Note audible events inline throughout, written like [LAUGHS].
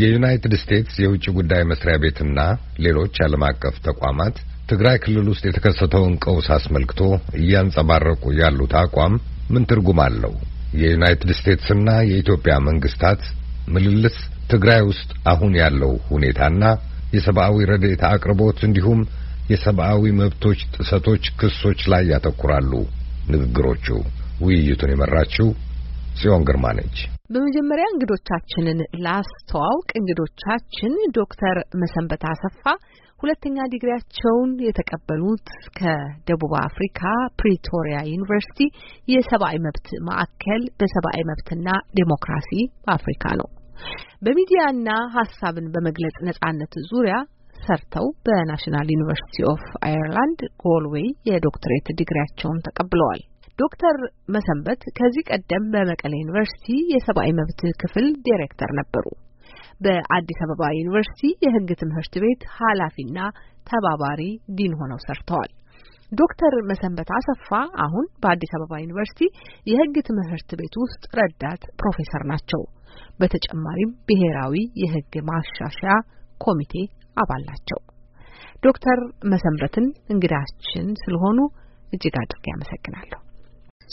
የዩናይትድ ስቴትስ የውጭ ጉዳይ መስሪያ ቤትና ሌሎች ዓለም አቀፍ ተቋማት ትግራይ ክልል ውስጥ የተከሰተውን ቀውስ አስመልክቶ እያንጸባረቁ ያሉት አቋም ምን ትርጉም አለው? የዩናይትድ ስቴትስና የኢትዮጵያ መንግስታት ምልልስ ትግራይ ውስጥ አሁን ያለው ሁኔታና የሰብአዊ ረድኤት አቅርቦት እንዲሁም የሰብአዊ መብቶች ጥሰቶች ክሶች ላይ ያተኩራሉ ንግግሮቹ። ውይይቱን የመራችው ጽዮን ግርማ ነች። በመጀመሪያ እንግዶቻችንን ላስተዋውቅ። እንግዶቻችን ዶክተር መሰንበት አሰፋ ሁለተኛ ዲግሪያቸውን የተቀበሉት ከደቡብ አፍሪካ ፕሪቶሪያ ዩኒቨርሲቲ የሰብአዊ መብት ማዕከል በሰብአዊ መብትና ዴሞክራሲ በአፍሪካ ነው። በሚዲያና ሀሳብን በመግለጽ ነጻነት ዙሪያ ሰርተው በናሽናል ዩኒቨርሲቲ ኦፍ አየርላንድ ጎልዌይ የዶክትሬት ዲግሪያቸውን ተቀብለዋል። ዶክተር መሰንበት ከዚህ ቀደም በመቀሌ ዩኒቨርሲቲ የሰብአዊ መብት ክፍል ዲሬክተር ነበሩ። በአዲስ አበባ ዩኒቨርሲቲ የሕግ ትምህርት ቤት ኃላፊና ተባባሪ ዲን ሆነው ሰርተዋል። ዶክተር መሰንበት አሰፋ አሁን በአዲስ አበባ ዩኒቨርሲቲ የሕግ ትምህርት ቤት ውስጥ ረዳት ፕሮፌሰር ናቸው። በተጨማሪም ብሔራዊ የሕግ ማሻሻያ ኮሚቴ አባል ናቸው። ዶክተር መሰንበትን እንግዳችን ስለሆኑ እጅግ አድርጌ አመሰግናለሁ።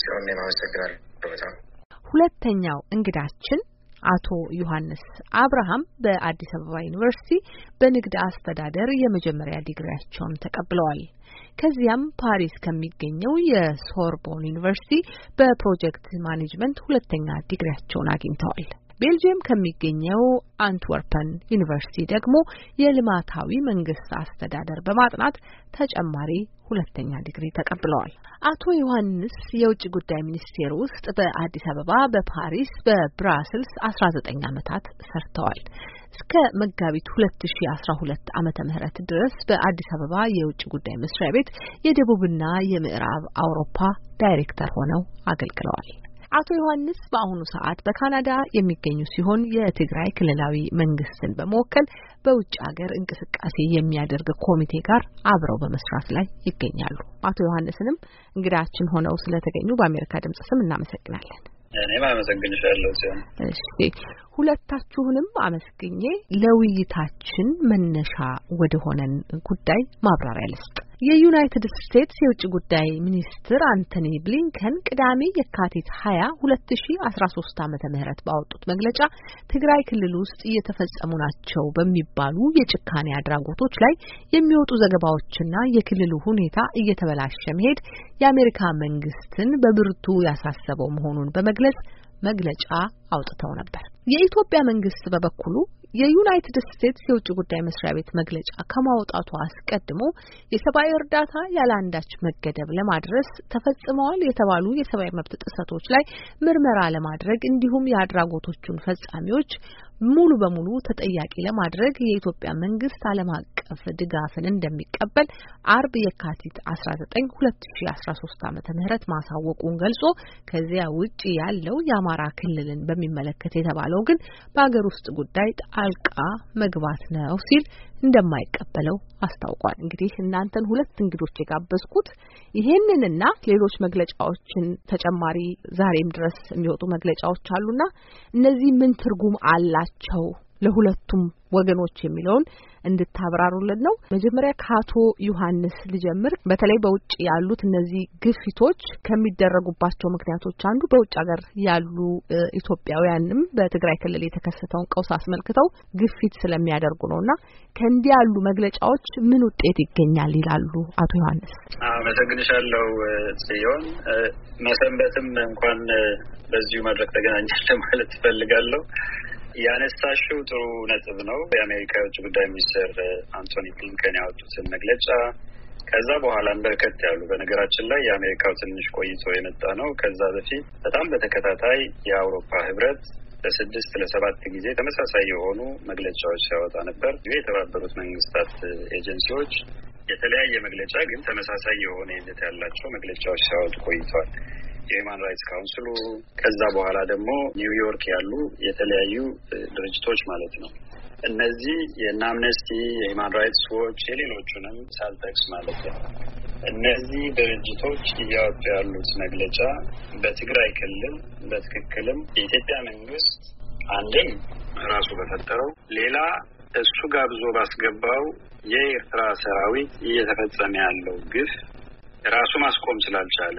ሲሆን አመሰግናለሁ በጣም። ሁለተኛው እንግዳችን አቶ ዮሐንስ አብርሃም በአዲስ አበባ ዩኒቨርሲቲ በንግድ አስተዳደር የመጀመሪያ ዲግሪያቸውን ተቀብለዋል። ከዚያም ፓሪስ ከሚገኘው የሶርቦን ዩኒቨርሲቲ በፕሮጀክት ማኔጅመንት ሁለተኛ ዲግሪያቸውን አግኝተዋል። ቤልጅየም ከሚገኘው አንትወርፐን ዩኒቨርሲቲ ደግሞ የልማታዊ መንግስት አስተዳደር በማጥናት ተጨማሪ ሁለተኛ ዲግሪ ተቀብለዋል። አቶ ዮሐንስ የውጭ ጉዳይ ሚኒስቴር ውስጥ በአዲስ አበባ፣ በፓሪስ፣ በብራስልስ አስራ ዘጠኝ ዓመታት ሰርተዋል። እስከ መጋቢት 2012 ዓመተ ምህረት ድረስ በአዲስ አበባ የውጭ ጉዳይ መስሪያ ቤት የደቡብና የምዕራብ አውሮፓ ዳይሬክተር ሆነው አገልግለዋል። አቶ ዮሐንስ በአሁኑ ሰዓት በካናዳ የሚገኙ ሲሆን የትግራይ ክልላዊ መንግስትን በመወከል በውጭ ሀገር እንቅስቃሴ የሚያደርግ ኮሚቴ ጋር አብረው በመስራት ላይ ይገኛሉ። አቶ ዮሐንስንም እንግዳችን ሆነው ስለተገኙ በአሜሪካ ድምጽ ስም እናመሰግናለን። እኔም አመሰግንሻለሁ ሲሆን ሁለታችሁንም አመስግኜ ለውይይታችን መነሻ ወደሆነን ጉዳይ ማብራሪያ ልስጥ። የዩናይትድ ስቴትስ የውጭ ጉዳይ ሚኒስትር አንቶኒ ብሊንከን ቅዳሜ የካቲት 20 2013 ምህረት ባወጡት መግለጫ ትግራይ ክልል ውስጥ እየተፈጸሙ ናቸው በሚባሉ የጭካኔ አድራጎቶች ላይ የሚወጡ ዘገባዎችና የክልሉ ሁኔታ እየተበላሸ መሄድ የአሜሪካ መንግስትን በብርቱ ያሳሰበው መሆኑን በመግለጽ መግለጫ አውጥተው ነበር። የኢትዮጵያ መንግስት በበኩሉ የዩናይትድ ስቴትስ የውጭ ጉዳይ መስሪያ ቤት መግለጫ ከማውጣቱ አስቀድሞ የሰብአዊ እርዳታ ያለ አንዳች መገደብ ለማድረስ ተፈጽመዋል የተባሉ የሰብአዊ መብት ጥሰቶች ላይ ምርመራ ለማድረግ እንዲሁም የአድራጎቶቹን ፈጻሚዎች ሙሉ በሙሉ ተጠያቂ ለማድረግ የኢትዮጵያ መንግስት ዓለም አቀፍ ድጋፍን እንደሚቀበል አርብ የካቲት 19 2013 ዓመተ ምህረት ማሳወቁን ገልጾ ከዚያ ውጪ ያለው የአማራ ክልልን በሚመለከት የተባለው ግን በአገር ውስጥ ጉዳይ ጣልቃ መግባት ነው ሲል እንደማይቀበለው አስታውቋል። እንግዲህ እናንተን ሁለት እንግዶች የጋበዝኩት ይሄንንና ሌሎች መግለጫዎችን ተጨማሪ ዛሬም ድረስ የሚወጡ መግለጫዎች አሉና እነዚህ ምን ትርጉም አላቸው ለሁለቱም ወገኖች የሚለውን እንድታብራሩልን ነው። መጀመሪያ ከአቶ ዮሐንስ ልጀምር። በተለይ በውጭ ያሉት እነዚህ ግፊቶች ከሚደረጉባቸው ምክንያቶች አንዱ በውጭ ሀገር ያሉ ኢትዮጵያውያንም በትግራይ ክልል የተከሰተውን ቀውስ አስመልክተው ግፊት ስለሚያደርጉ ነው እና ከእንዲህ ያሉ መግለጫዎች ምን ውጤት ይገኛል ይላሉ አቶ ዮሐንስ? አመሰግንሻለሁ ጽዮን። መሰንበትም እንኳን በዚሁ መድረክ ተገናኛለ ማለት ትፈልጋለሁ። ያነሳሽው ጥሩ ነጥብ ነው። የአሜሪካ የውጭ ጉዳይ ሚኒስትር አንቶኒ ብሊንከን ያወጡትን መግለጫ ከዛ በኋላም በርከት ያሉ በነገራችን ላይ የአሜሪካው ትንሽ ቆይቶ የመጣ ነው። ከዛ በፊት በጣም በተከታታይ የአውሮፓ ህብረት ለስድስት ለሰባት ጊዜ ተመሳሳይ የሆኑ መግለጫዎች ሲያወጣ ነበር። የተባበሩት መንግስታት ኤጀንሲዎች የተለያየ መግለጫ ግን ተመሳሳይ የሆነ ይዘት ያላቸው መግለጫዎች ሲያወጡ ቆይተዋል። የሂውማን ራይትስ ካውንስሉ ከዛ በኋላ ደግሞ ኒውዮርክ ያሉ የተለያዩ ድርጅቶች ማለት ነው። እነዚህ የእነ አምነስቲ የሂውማን ራይትስ ዎች የሌሎቹንም ሳልጠቅስ ማለት ነው። እነዚህ ድርጅቶች እያወጡ ያሉት መግለጫ በትግራይ ክልል በትክክልም የኢትዮጵያ መንግስት አንድም ራሱ በፈጠረው ሌላ እሱ ጋብዞ ባስገባው የኤርትራ ሰራዊት እየተፈጸመ ያለው ግፍ ራሱ ማስቆም ስላልቻለ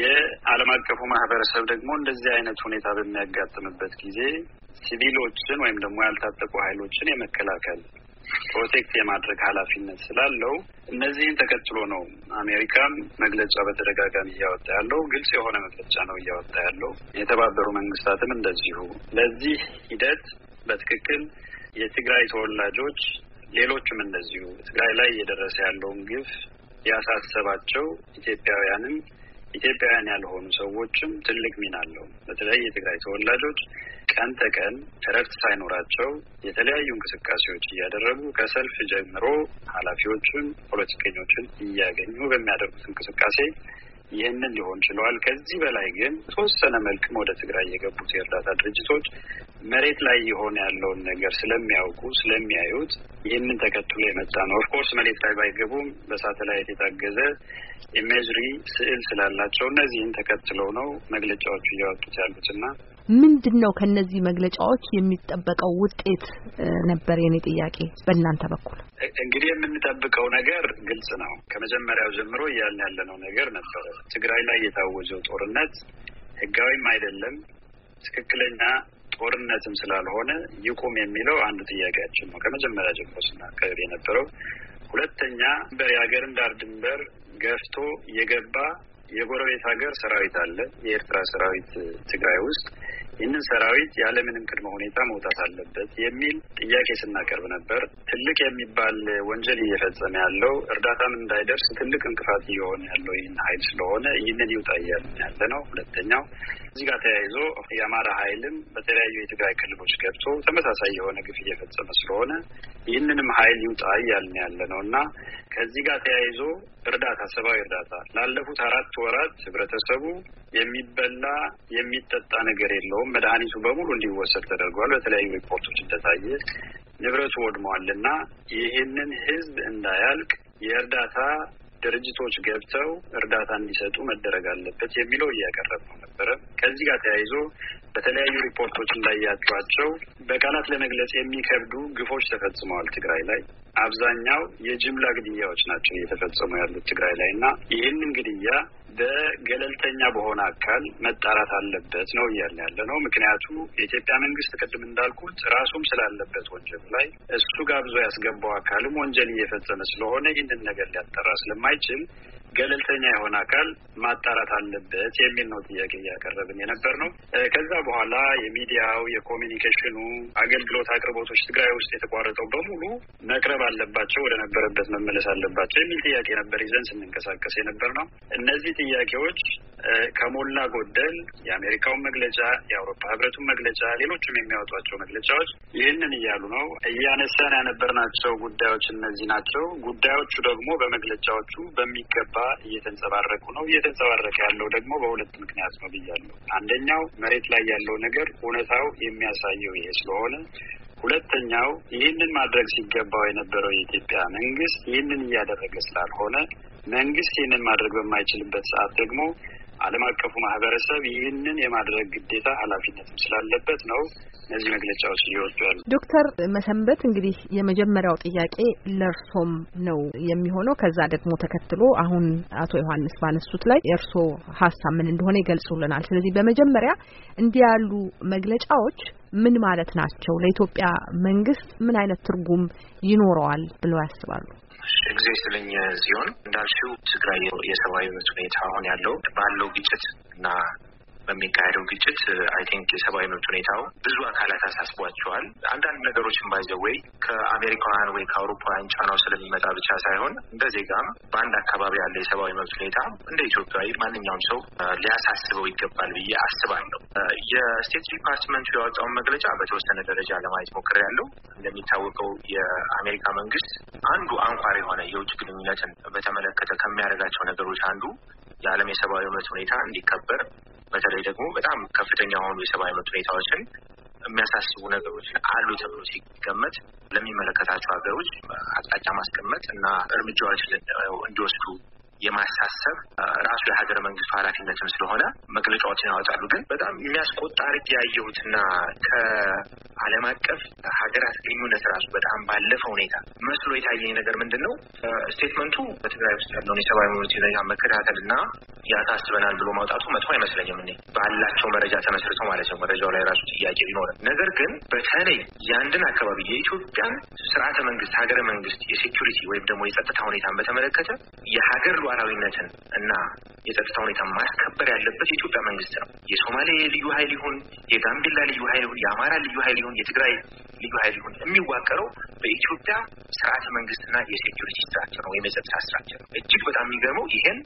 የዓለም አቀፉ ማህበረሰብ ደግሞ እንደዚህ አይነት ሁኔታ በሚያጋጥምበት ጊዜ ሲቪሎችን ወይም ደግሞ ያልታጠቁ ኃይሎችን የመከላከል ፕሮቴክት የማድረግ ኃላፊነት ስላለው እነዚህን ተከትሎ ነው አሜሪካም መግለጫ በተደጋጋሚ እያወጣ ያለው ግልጽ የሆነ መግለጫ ነው እያወጣ ያለው። የተባበሩ መንግስታትም እንደዚሁ ለዚህ ሂደት በትክክል የትግራይ ተወላጆች ሌሎችም እንደዚሁ ትግራይ ላይ እየደረሰ ያለውን ግፍ ያሳሰባቸው ኢትዮጵያውያንም ኢትዮጵያውያን ያልሆኑ ሰዎችም ትልቅ ሚና አለው። በተለይ የትግራይ ተወላጆች ቀን ተቀን እረፍት ሳይኖራቸው የተለያዩ እንቅስቃሴዎች እያደረጉ ከሰልፍ ጀምሮ ኃላፊዎችን፣ ፖለቲከኞችን እያገኙ በሚያደርጉት እንቅስቃሴ ይህንን ሊሆን ችለዋል። ከዚህ በላይ ግን ተወሰነ መልክም ወደ ትግራይ የገቡት የእርዳታ ድርጅቶች መሬት ላይ የሆነ ያለውን ነገር ስለሚያውቁ ስለሚያዩት ይህንን ተከትሎ የመጣ ነው። ኦፍኮርስ መሬት ላይ ባይገቡም በሳተላይት የታገዘ ኢሜጅሪ ስዕል ስላላቸው እነዚህን ተከትለው ነው መግለጫዎቹ እያወጡት ያሉት እና ምንድን ነው ከነዚህ መግለጫዎች የሚጠበቀው ውጤት ነበር የኔ ጥያቄ። በእናንተ በኩል እንግዲህ የምንጠብቀው ነገር ግልጽ ነው። ከመጀመሪያው ጀምሮ እያልን ያለነው ነገር ነበረ። ትግራይ ላይ የታወጀው ጦርነት ህጋዊም አይደለም ትክክለኛ ጦርነትም ስላልሆነ ይቁም የሚለው አንዱ ጥያቄያችን ነው። ከመጀመሪያ ጀምሮ ስናከብር የነበረው ሁለተኛ የሀገርን ዳር ድንበር ገፍቶ የገባ የጎረቤት ሀገር ሰራዊት አለ። የኤርትራ ሰራዊት ትግራይ ውስጥ ይህንን ሰራዊት ያለምንም ቅድመ ሁኔታ መውጣት አለበት የሚል ጥያቄ ስናቀርብ ነበር። ትልቅ የሚባል ወንጀል እየፈጸመ ያለው እርዳታም እንዳይደርስ ትልቅ እንቅፋት እየሆነ ያለው ይህን ሀይል ስለሆነ ይህንን ይውጣ እያልን ያለ ነው። ሁለተኛው እዚህ ጋር ተያይዞ የአማራ ሀይልም በተለያዩ የትግራይ ክልሎች ገብቶ ተመሳሳይ የሆነ ግፍ እየፈጸመ ስለሆነ ይህንንም ሀይል ይውጣ እያልን ያለ ነው እና ከዚህ ጋር ተያይዞ እርዳታ፣ ሰብአዊ እርዳታ ላለፉት አራት ወራት ህብረተሰቡ የሚበላ የሚጠጣ ነገር የለውም። መድኃኒቱ በሙሉ እንዲወሰድ ተደርጓል። በተለያዩ ሪፖርቶች እንደታየ ንብረቱ ወድመዋል እና ይህንን ህዝብ እንዳያልቅ የእርዳታ ድርጅቶች ገብተው እርዳታ እንዲሰጡ መደረግ አለበት የሚለው እያቀረብ ነው ነበረ። ከዚህ ጋር ተያይዞ በተለያዩ ሪፖርቶች እንዳያቸዋቸው በቃላት ለመግለጽ የሚከብዱ ግፎች ተፈጽመዋል ትግራይ ላይ። አብዛኛው የጅምላ ግድያዎች ናቸው እየተፈጸሙ ያሉት ትግራይ ላይ እና ይህንን ግድያ በገለልተኛ በሆነ አካል መጣራት አለበት ነው እያለ ያለ ነው። ምክንያቱ የኢትዮጵያ መንግስት ቅድም እንዳልኩት ራሱም ስላለበት ወንጀል ላይ እሱ ጋብዞ ያስገባው አካልም ወንጀል እየፈጸመ ስለሆነ ይህንን ነገር ሊያጠራ ስለማይችል ገለልተኛ የሆነ አካል ማጣራት አለበት የሚል ነው ጥያቄ እያቀረብን የነበር ነው። ከዛ በኋላ የሚዲያው የኮሚኒኬሽኑ አገልግሎት አቅርቦቶች ትግራይ ውስጥ የተቋረጠው በሙሉ መቅረብ አለባቸው፣ ወደ ነበረበት መመለስ አለባቸው የሚል ጥያቄ ነበር ይዘን ስንንቀሳቀስ የነበር ነው። እነዚህ ጥያቄዎች ከሞላ ጎደል የአሜሪካውን መግለጫ፣ የአውሮፓ ህብረቱን መግለጫ፣ ሌሎችም የሚያወጧቸው መግለጫዎች ይህንን እያሉ ነው። እያነሳን ያነበርናቸው ጉዳዮች እነዚህ ናቸው። ጉዳዮቹ ደግሞ በመግለጫዎቹ በሚገባ እየተንጸባረቁ ነው። እየተንጸባረቀ ያለው ደግሞ በሁለት ምክንያት ነው ብያለሁ። አንደኛው መሬት ላይ ያለው ነገር እውነታው የሚያሳየው ይሄ ስለሆነ ሁለተኛው ይህንን ማድረግ ሲገባው የነበረው የኢትዮጵያ መንግስት ይህንን እያደረገ ስላልሆነ መንግስት ይህንን ማድረግ በማይችልበት ሰዓት ደግሞ ዓለም አቀፉ ማህበረሰብ ይህንን የማድረግ ግዴታ ኃላፊነትም ስላለበት ነው እነዚህ መግለጫዎች እየወጡ ያሉ። ዶክተር መሰንበት እንግዲህ የመጀመሪያው ጥያቄ ለእርሶም ነው የሚሆነው። ከዛ ደግሞ ተከትሎ አሁን አቶ ዮሐንስ ባነሱት ላይ የእርሶ ሀሳብ ምን እንደሆነ ይገልጹልናል። ስለዚህ በመጀመሪያ እንዲህ ያሉ መግለጫዎች ምን ማለት ናቸው? ለኢትዮጵያ መንግስት ምን አይነት ትርጉም ይኖረዋል ብለው ያስባሉ? እግዜ ስለኝ ሲሆን እንዳልሽው ትግራይ የሰብአዊ መብት ሁኔታ አሁን ያለው ባለው ግጭት እና በሚካሄደው ግጭት አይ ቲንክ የሰብአዊ መብት ሁኔታው ብዙ አካላት አሳስቧቸዋል። አንዳንድ ነገሮችን ባይዘወይ ከአሜሪካውያን ወይ ከአውሮፓውያን ጫናው ስለሚመጣ ብቻ ሳይሆን እንደ ዜጋም በአንድ አካባቢ ያለ የሰብአዊ መብት ሁኔታ እንደ ኢትዮጵያዊ ማንኛውም ሰው ሊያሳስበው ይገባል ብዬ አስባለሁ። የስቴት ዲፓርትመንቱ ያወጣውን መግለጫ በተወሰነ ደረጃ ለማየት ያለው እንደሚታወቀው የአሜሪካ መንግስት አንዱ አንኳር የሆነ የውጭ ግንኙነትን በተመለከተ ከሚያደርጋቸው ነገሮች አንዱ የዓለም የሰብአዊ መብት ሁኔታ እንዲከበር በተለይ ደግሞ በጣም ከፍተኛ የሆኑ የሰብአዊ መብት ሁኔታዎችን የሚያሳስቡ ነገሮች አሉ ተብሎ ሲገመት ለሚመለከታቸው ሀገሮች አቅጣጫ ማስቀመጥ እና እርምጃዎች እንዲወስዱ የማሳሰብ ራሱ የሀገረ መንግስቱ ኃላፊነትም ስለሆነ መግለጫዎችን ያወጣሉ። ግን በጣም የሚያስቆጣ አርግ ያየሁትና ከዓለም አቀፍ ሀገራት ግንኙነት ራሱ በጣም ባለፈ ሁኔታ መስሎ የታየኝ ነገር ምንድን ነው? ስቴትመንቱ በትግራይ ውስጥ ያለውን የሰብአዊ መብት ሁኔታ መከታተል እና ያሳስበናል ብሎ ማውጣቱ መጥፎ አይመስለኝም። እኔ ባላቸው መረጃ ተመስርተው ማለት ነው። መረጃው ላይ ራሱ ጥያቄ ቢኖረ ነገር ግን በተለይ የአንድን አካባቢ የኢትዮጵያን ስርዓተ መንግስት ሀገረ መንግስት የሴኪሪቲ ወይም ደግሞ የጸጥታ ሁኔታን በተመለከተ የሀገር ተግባራዊነትን እና የጸጥታ ሁኔታ ማስከበር ያለበት የኢትዮጵያ መንግስት ነው። የሶማሌ ልዩ ኃይል ይሁን፣ የጋምቤላ ልዩ ኃይል ይሁን፣ የአማራ ልዩ ኃይል ይሁን፣ የትግራይ ልዩ ኃይል ይሁን የሚዋቀረው በኢትዮጵያ ስርዓተ መንግስትና የሴኪሪቲ ስትራክቸር ነው ወይም የጸጥታ ስትራክቸር ነው። እጅግ በጣም የሚገርመው ይሄን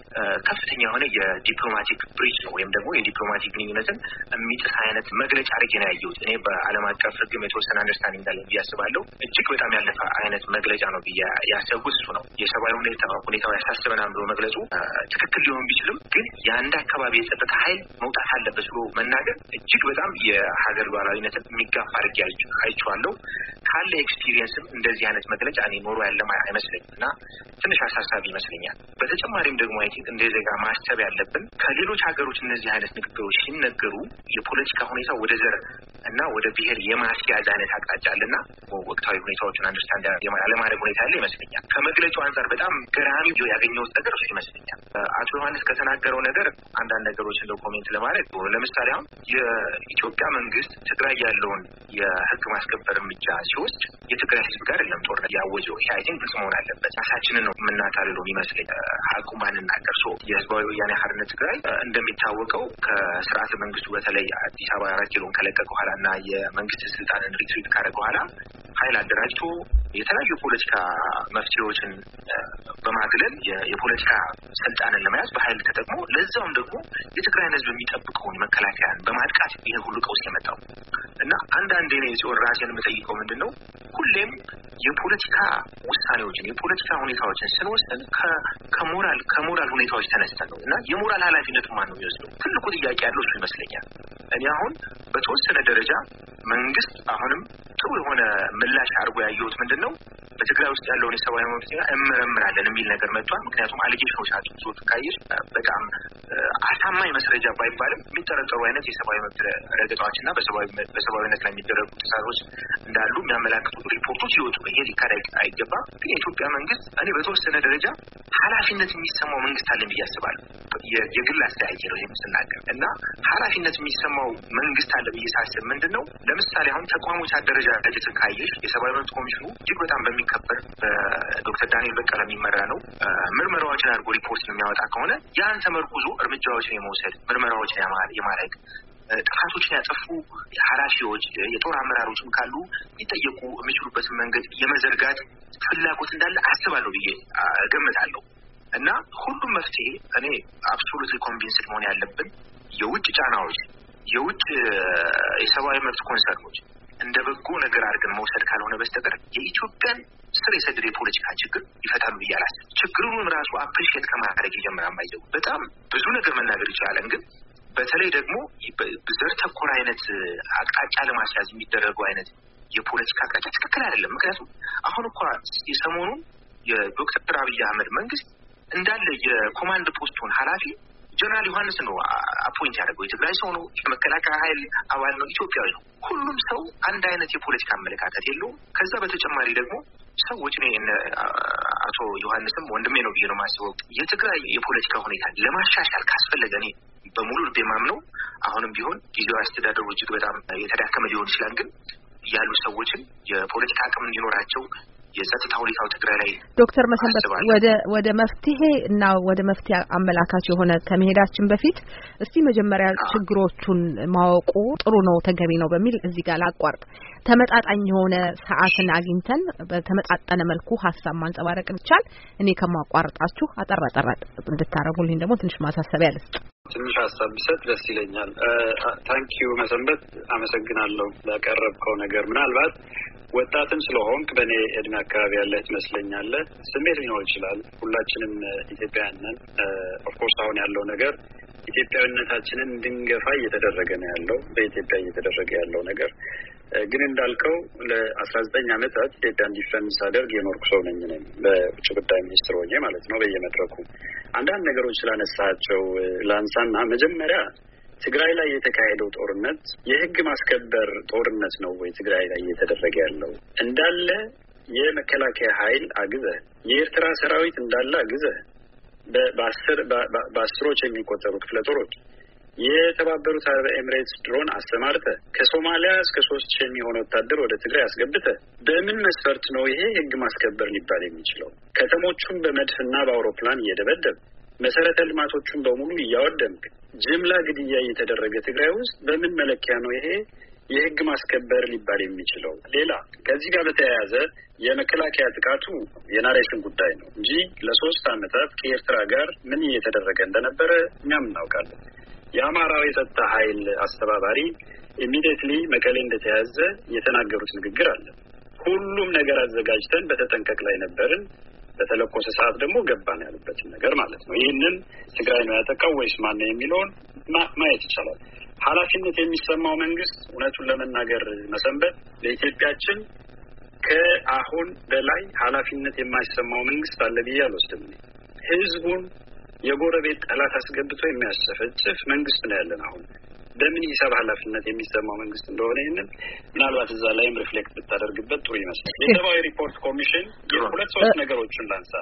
ከፍተኛ የሆነ የዲፕሎማቲክ ብሪጅ ነው ወይም ደግሞ የዲፕሎማቲክ ግንኙነትን የሚጥስ አይነት መግለጫ አድርጌ ነው ያየሁት። እኔ በዓለም አቀፍ ህግም የተወሰነ አንደርስታንድ እንዳለ ብዬ አስባለሁ። እጅግ በጣም ያለፈ አይነት መግለጫ ነው ብዬ ያሰብኩት እሱ ነው። የሰብአዊ ሁኔታ ሁኔታው ያሳስበናል ብሎ መግለጹ ትክክል ሊሆን ቢችልም ግን የአንድ አካባቢ የጸጥታ ኃይል መውጣት አለበት ብሎ መናገር እጅግ በጣም የሀገር ሉዓላዊነትን የሚጋፋ አድርጌ አይቼዋለሁ። አለው ካለ ኤክስፒሪየንስም እንደዚህ አይነት መግለጫ እኔ ኖሮ ያለ አይመስለኝም እና ትንሽ አሳሳቢ ይመስለኛል። በተጨማሪም ደግሞ አይ ቲንክ እንደ ዜጋ ማሰብ ያለብን ከሌሎች ሀገሮች እነዚህ አይነት ንግግሮች ሲነገሩ የፖለቲካ ሁኔታ ወደ ዘር እና ወደ ብሄር የማስያዝ አይነት አቅጣጫ አለ አለና ወቅታዊ ሁኔታዎችን አንደርስታንድ ያለማድረግ ሁኔታ ያለ ይመስለኛል። ከመግለጫው አንጻር በጣም ገራሚ ያገኘሁት ነገር እሱ ይመስለኛል። አቶ ዮሐንስ ከተናገረው ነገር አንዳንድ ነገሮች እንደ ኮሜንት ለማድረግ ለምሳሌ አሁን የኢትዮጵያ መንግስት ትግራይ ያለውን የህግ ማስከበር እርምጃ ሲወስድ የትግራይ ህዝብ ጋር የለም ጦርነት ያወጀው ይሄ አይቲንክ ግልጽ መሆን አለበት። ራሳችንን ነው የምናታልለው ይመስለኝ ሀቁ ማንናገር ሶ የህዝባዊ ወያኔ ሀርነት ትግራይ እንደሚታወቀው ከስርዓተ መንግስቱ በተለይ አዲስ አበባ አራት ኪሎን ከለቀቀ ኋላ እና የመንግስት ስልጣንን ሪትሪት ካደረገ በኋላ ኃይል አደራጅቶ የተለያዩ የፖለቲካ መፍትሄዎችን በማግለል የፖለቲካ ስልጣንን ለመያዝ በኃይል ተጠቅሞ ለዛውም ደግሞ የትግራይን ህዝብ የሚጠብቀውን መከላከያን በማጥቃት ይህ ሁሉ ቀውስ የመጣው እና አንዳንዴ ኔ ጽዮን ራሴን የምጠይቀው ምንድን ነው ሁሌም የፖለቲካ ውሳኔዎችን የፖለቲካ ሁኔታዎችን ስንወስን ከሞራል ከሞራል ሁኔታዎች ተነስተን ነው እና የሞራል ኃላፊነቱ ማን ነው የሚወስደው? ትልቁ ጥያቄ ያለው እሱ ይመስለኛል። እኔ አሁን በተወሰነ ደረጃ መንግስት አሁንም ጥሩ የሆነ ምላሽ አድርጎ ያየሁት ምንድን ነው በትግራይ ውስጥ ያለውን የሰብአዊ መብት እመረምራለን የሚል ነገር መጥቷል። ምክንያቱም አሊጌሽኖች አሉ። ብዙ ትካይር በጣም አሳማኝ መስረጃ ባይባልም የሚጠረጠሩ አይነት የሰብአዊ መብት ረገጣዎች እና በሰብአዊነት ላይ የሚደረጉ ጥሰቶች እንዳሉ የሚያመላክቱ ሪፖርቶች ይወጡ። ይሄ ሊካድ አይገባም። ግን የኢትዮጵያ መንግስት እኔ በተወሰነ ደረጃ ኃላፊነት የሚሰማው መንግስት አለን ብዬ አስባለሁ። የግል አስተያየት ነው ይህም ስናገር እና ኃላፊነት የሚሰማው መንግስት አለ ብዬ ሳስብ ምንድን ነው ለምሳሌ አሁን ተቋሞች አደረጃ አደረጃጀትን ካየሽ የሰብአዊ መብት ኮሚሽኑ እጅግ በጣም በሚ የሚቀበል በዶክተር ዳንኤል በቀለ የሚመራ ነው። ምርመራዎችን አድርጎ ሪፖርት የሚያወጣ ከሆነ ያን ተመርኩዞ እርምጃዎችን የመውሰድ ምርመራዎችን የማድረግ ጥፋቶችን ያጠፉ ኃላፊዎች የጦር አመራሮችም ካሉ ሊጠየቁ የሚችሉበትን መንገድ የመዘርጋት ፍላጎት እንዳለ አስባለሁ ብዬ እገምታለሁ። እና ሁሉም መፍትሄ እኔ አብሶሉትሊ ኮንቪንስድ መሆን ያለብን የውጭ ጫናዎች፣ የውጭ የሰብአዊ መብት ኮንሰርኖች እንደ በጎ ነገር አድርገን መውሰድ ካልሆነ በስተቀር የኢትዮጵያን ስር የሰደደ የፖለቲካ ችግር ይፈታሉ ብዬ አላስብም። ራሱ አፕሪሽት ከማድረግ የጀመረ ማይዘው በጣም ብዙ ነገር መናገር ይቻላል ግን በተለይ ደግሞ ዘር ተኮር አይነት አቅጣጫ ለማስያዝ የሚደረገው አይነት የፖለቲካ አቅጣጫ ትክክል አይደለም። ምክንያቱም አሁን እኳ የሰሞኑን የዶክተር አብይ አህመድ መንግስት እንዳለ የኮማንድ ፖስቱን ኃላፊ ጀነራል ዮሐንስ ነው አፖይንት ያደረገው። የትግራይ ሰው ነው፣ የመከላከያ ኃይል አባል ነው፣ ኢትዮጵያዊ ነው። ሁሉም ሰው አንድ አይነት የፖለቲካ አመለካከት የለውም። ከዛ በተጨማሪ ደግሞ ሰዎች እኔ አቶ ዮሐንስም ወንድሜ ነው ብዬ ነው የማስበው። የትግራይ የፖለቲካ ሁኔታ ለማሻሻል ካስፈለገ እኔ በሙሉ ልቤ ማምነው አሁንም ቢሆን ጊዜያዊ አስተዳደሩ እጅግ በጣም የተዳከመ ሊሆን ይችላል ግን ያሉ ሰዎችን የፖለቲካ አቅም እንዲኖራቸው የጸጥታ ሁኔታው ትግራይ ላይ ዶክተር መሰንበት ወደ ወደ መፍትሄ እና ወደ መፍትሄ አመላካች የሆነ ከመሄዳችን በፊት እስቲ መጀመሪያ ችግሮቹን ማወቁ ጥሩ ነው ተገቢ ነው በሚል እዚህ ጋር ላቋርጥ። ተመጣጣኝ የሆነ ሰዓትን አግኝተን በተመጣጠነ መልኩ ሀሳብ ማንጸባረቅ ይቻል። እኔ ከማቋርጣችሁ አጠራ ጠራ እንድታረጉልኝ ደግሞ ትንሽ ማሳሰቢያ ልስጥ። ትንሽ ሀሳብ ቢሰጥ ደስ ይለኛል። ታንኪዩ መሰንበት፣ አመሰግናለሁ ላቀረብከው ነገር ምናልባት ወጣትም ስለሆንክ በእኔ እድሜ አካባቢ ያለህ ትመስለኛለህ። ስሜት ሊኖር ይችላል። ሁላችንም ኢትዮጵያውያን ነን። ኦፍኮርስ አሁን ያለው ነገር ኢትዮጵያዊነታችንን እንድንገፋ እየተደረገ ነው ያለው በኢትዮጵያ እየተደረገ ያለው ነገር ግን እንዳልከው ለአስራ ዘጠኝ ዓመታት ኢትዮጵያን ዲፌንስ አደርግ የኖርኩ ሰው ነኝ ነኝ በውጭ ጉዳይ ሚኒስትር ሆኜ ማለት ነው። በየመድረኩ አንዳንድ ነገሮች ስላነሳቸው ላንሳና መጀመሪያ ትግራይ ላይ የተካሄደው ጦርነት የህግ ማስከበር ጦርነት ነው ወይ? ትግራይ ላይ እየተደረገ ያለው እንዳለ የመከላከያ ኃይል አግዘ የኤርትራ ሰራዊት እንዳለ አግዘ በአስሮች የሚቆጠሩ ክፍለ ጦሮች የተባበሩት አረብ ኤምሬትስ ድሮን አሰማርተ ከሶማሊያ እስከ ሶስት ሺህ የሚሆነ ወታደር ወደ ትግራይ አስገብተ በምን መስፈርት ነው ይሄ ህግ ማስከበር ሊባል የሚችለው? ከተሞቹን በመድፍና በአውሮፕላን እየደበደብ መሰረተ ልማቶቹን በሙሉ እያወደምክ ጅምላ ግድያ እየተደረገ ትግራይ ውስጥ በምን መለኪያ ነው ይሄ የህግ ማስከበር ሊባል የሚችለው? ሌላ ከዚህ ጋር በተያያዘ የመከላከያ ጥቃቱ የናሬሽን ጉዳይ ነው እንጂ ለሶስት አመታት ከኤርትራ ጋር ምን እየተደረገ እንደነበረ እኛም እናውቃለን። የአማራው የጸጥታ ኃይል አስተባባሪ ኢሚዲየትሊ መቀሌ እንደተያዘ የተናገሩት ንግግር አለ። ሁሉም ነገር አዘጋጅተን በተጠንቀቅ ላይ ነበርን። በተለኮሰ ሰዓት ደግሞ ገባን ያሉበትን ነገር ማለት ነው። ይህንን ትግራይ ነው ያጠቃው ወይስ ማነው የሚለውን ማየት ይቻላል። ኃላፊነት የሚሰማው መንግስት እውነቱን ለመናገር መሰንበት ለኢትዮጵያችን ከአሁን በላይ ኃላፊነት የማይሰማው መንግስት አለ ብዬ አልወስድም። ህዝቡን የጎረቤት ጠላት አስገብቶ የሚያሰፈጭፍ መንግስት ነው ያለን አሁን። በምን ሂሳብ ኃላፊነት የሚሰማው መንግስት እንደሆነ ይህንን ምናልባት እዛ ላይም ሪፍሌክት ብታደርግበት ጥሩ ይመስላል። የሰብአዊ ሪፖርት ኮሚሽን ሁለት ሶስት ነገሮችን ላንሳ።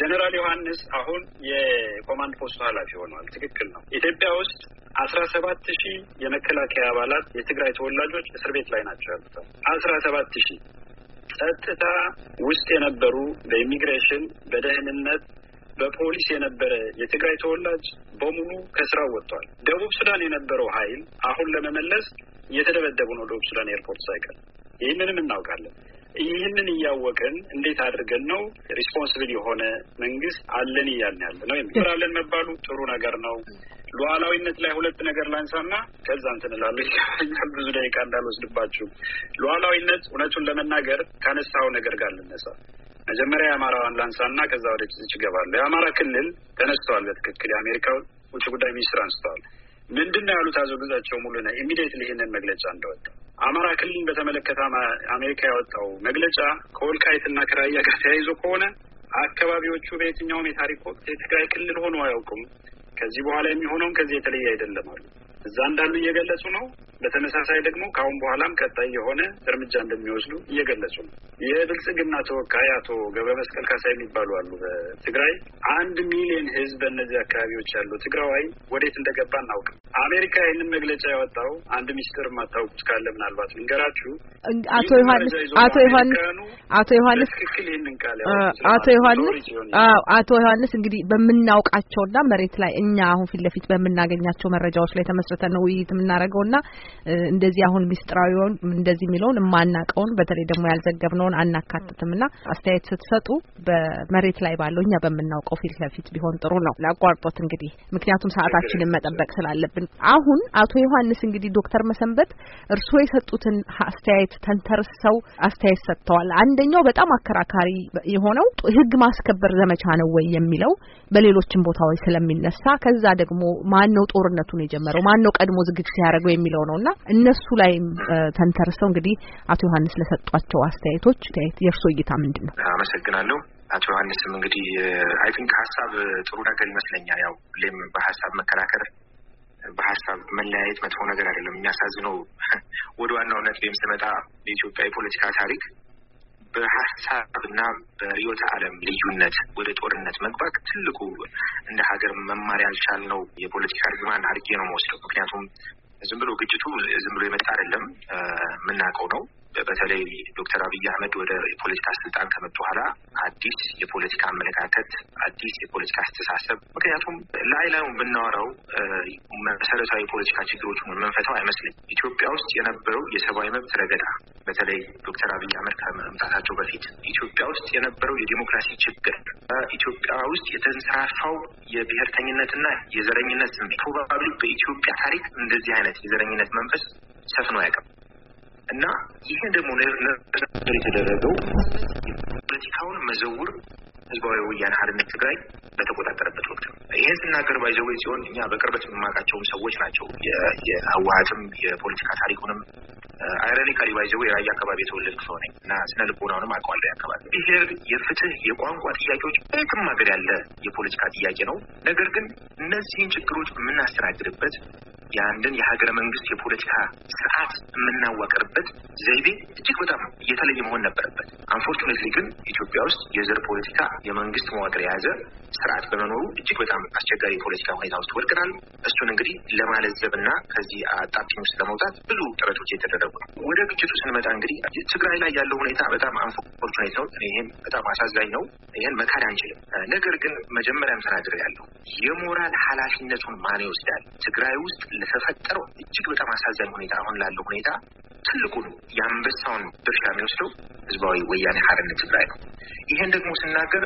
ጀኔራል ዮሐንስ አሁን የኮማንድ ፖስቱ ኃላፊ ሆነዋል። ትክክል ነው። ኢትዮጵያ ውስጥ አስራ ሰባት ሺህ የመከላከያ አባላት የትግራይ ተወላጆች እስር ቤት ላይ ናቸው ያሉት አስራ ሰባት ሺህ ጸጥታ ውስጥ የነበሩ በኢሚግሬሽን፣ በደህንነት፣ በፖሊስ የነበረ የትግራይ ተወላጅ በሙሉ ከስራው ወጥቷል። ደቡብ ሱዳን የነበረው ኃይል አሁን ለመመለስ እየተደበደቡ ነው። ደቡብ ሱዳን ኤርፖርት ሳይቀር ይህንንም እናውቃለን። ይህንን እያወቅን እንዴት አድርገን ነው ሪስፖንስብል የሆነ መንግስት አለን እያልን ያለ ነው። የሚራለን መባሉ ጥሩ ነገር ነው። ሉዓላዊነት ላይ ሁለት ነገር ላንሳና ከዛ እንትን እላለሁ። ይቻለኛል ብዙ ደቂቃ እንዳልወስድባችሁ። ሉዓላዊነት እውነቱን ለመናገር ካነሳው ነገር ጋር ልነሳ። መጀመሪያ የአማራዋን ላንሳና ከዛ ወደ ጭጭ ይገባሉ። የአማራ ክልል ተነስተዋል። በትክክል የአሜሪካ ውጭ ጉዳይ ሚኒስትር አንስተዋል። ምንድን ነው ያሉት? አዞ ግዛቸው ነ ኢሚዲየትሊ ይህንን መግለጫ እንደወጣ አማራ ክልልን በተመለከተ አሜሪካ ያወጣው መግለጫ ከወልቃይትና ከራያ ጋር ተያይዞ ከሆነ አካባቢዎቹ በየትኛውም የታሪክ ወቅት የትግራይ ክልል ሆኖ አያውቁም። ከዚህ በኋላ የሚሆነውም ከዚህ የተለየ አይደለም አሉ። እዛ እንዳሉ እየገለጹ ነው። በተመሳሳይ ደግሞ ከአሁን በኋላም ቀጣይ የሆነ እርምጃ እንደሚወስዱ እየገለጹ ነው። የብልጽግና ተወካይ አቶ ገብረ መስቀል ካሳ የሚባሉ አሉ። በትግራይ አንድ ሚሊዮን ህዝብ በእነዚህ አካባቢዎች ያሉ ትግራዋይ ወዴት እንደገባ እናውቅም። አሜሪካ ይህንን መግለጫ ያወጣው አንድ ሚስጥር የማታውቁት ካለ ምናልባት ልንገራችሁ። አቶ ዮሐንስ አቶ ዮሐንስ አቶ ዮሐንስ ትክክል ይህንን ቃል አቶ ዮሐንስ አቶ ዮሐንስ እንግዲህ በምናውቃቸውና መሬት ላይ እኛ አሁን ፊት ለፊት በምናገኛቸው መረጃዎች ላይ ተመስረ የተመሰረተ ነው ውይይት የምናደርገው እና እንደዚህ አሁን ሚስጥራዊውን እንደዚህ የሚለውን የማናቀውን በተለይ ደግሞ ያልዘገብነውን አናካትትም እና አስተያየት ስትሰጡ በመሬት ላይ ባለው እኛ በምናውቀው ፊት ለፊት ቢሆን ጥሩ ነው። ላቋርጦት እንግዲህ ምክንያቱም ሰዓታችንን መጠበቅ ስላለብን አሁን አቶ ዮሐንስ እንግዲህ ዶክተር መሰንበት እርስዎ የሰጡትን አስተያየት ተንተርሰው አስተያየት ሰጥተዋል። አንደኛው በጣም አከራካሪ የሆነው ህግ ማስከበር ዘመቻ ነው ወይ የሚለው በሌሎችም ቦታዎች ስለሚነሳ ከዛ ደግሞ ማን ነው ጦርነቱን የጀመረው? ማን ነው ቀድሞ ዝግጅት ያደረገው የሚለው ነው እና እነሱ ላይ ተንተርሰው እንግዲህ አቶ ዮሐንስ ለሰጧቸው አስተያየቶች የእርሶ እይታ ምንድን ነው? አመሰግናለሁ። አቶ ዮሐንስም እንግዲህ አይ ቲንክ ሀሳብ ጥሩ ነገር ይመስለኛል። ያው ሁሌም በሀሳብ መከራከር በሀሳብ መለያየት መጥፎ ነገር አይደለም። የሚያሳዝነው [LAUGHS] ወደ ዋናው ነጥብ ስመጣ የኢትዮጵያ የፖለቲካ ታሪክ በሀሳብና በርዕዮተ ዓለም ልዩነት ወደ ጦርነት መግባት ትልቁ እንደ ሀገር መማር ያልቻልነው የፖለቲካ ርግማን አድርጌ ነው መወስደው። ምክንያቱም ዝም ብሎ ግጭቱ ዝም ብሎ የመጣ አይደለም፣ የምናውቀው ነው። በተለይ ዶክተር አብይ አህመድ ወደ የፖለቲካ ስልጣን ከመጡ በኋላ አዲስ የፖለቲካ አመለካከት፣ አዲስ የፖለቲካ አስተሳሰብ ምክንያቱም ላይ ላዩ ብናወራው መሰረታዊ የፖለቲካ ችግሮች መንፈተው አይመስልም። ኢትዮጵያ ውስጥ የነበረው የሰብአዊ መብት ረገዳ በተለይ ዶክተር አብይ አህመድ ከመምጣታቸው በፊት ኢትዮጵያ ውስጥ የነበረው የዲሞክራሲ ችግር፣ በኢትዮጵያ ውስጥ የተንሰራፋው የብሔርተኝነትና የዘረኝነት ስሜት ፕሮባብሊ በኢትዮጵያ ታሪክ እንደዚህ አይነት የዘረኝነት መንፈስ ሰፍኖ ያቀም እና ይህን ደግሞ የተደረገው ፖለቲካውን መዘውር ህዝባዊ ወያነ ሓርነት ትግራይ በተቆጣጠረበት ወቅት ነው። ይህን ስናገር ባይዘው ሲሆን እኛ በቅርበት የምንማቃቸውም ሰዎች ናቸው። የህወሀትም የፖለቲካ ታሪኩንም አይሮኒካሊ ባይዘው የራያ አካባቢ የተወለድኩ ሰው ነኝ እና ስነ ልቦናውንም አውቀዋለሁ። አካባቢ ብሔር፣ የፍትህ፣ የቋንቋ ጥያቄዎች በየትም ሀገር ያለ የፖለቲካ ጥያቄ ነው። ነገር ግን እነዚህን ችግሮች የምናስተናግድበት የአንድን የሀገረ መንግስት የፖለቲካ ስርዓት የምናዋቅርበት ዘይቤ እጅግ በጣም እየተለየ መሆን ነበረበት። አንፎርቹኔትሊ ግን ኢትዮጵያ ውስጥ የዘር ፖለቲካ የመንግስት መዋቅር የያዘ ስርዓት በመኖሩ እጅግ በጣም አስቸጋሪ የፖለቲካ ሁኔታ ውስጥ ወድቀናል። እሱን እንግዲህ ለማለዘብ እና ከዚህ አጣብቂኝ ውስጥ ለመውጣት ብዙ ጥረቶች የተደረጉ ነው። ወደ ግጭቱ ስንመጣ እንግዲህ ትግራይ ላይ ያለው ሁኔታ በጣም አንፎርቹኔት ነው። ይህም በጣም አሳዛኝ ነው። ይህን መካድ አንችልም። ነገር ግን መጀመሪያም ተናግሬ ያለው የሞራል ኃላፊነቱን ማን ይወስዳል? ትግራይ ውስጥ ለተፈጠረው እጅግ በጣም አሳዛኝ ሁኔታ አሁን ላለው ሁኔታ ትልቁን የአንበሳውን ድርሻ የሚወስደው ህዝባዊ ወያኔ ሀርነት ትግራይ ነው። ይሄን ደግሞ ስናገር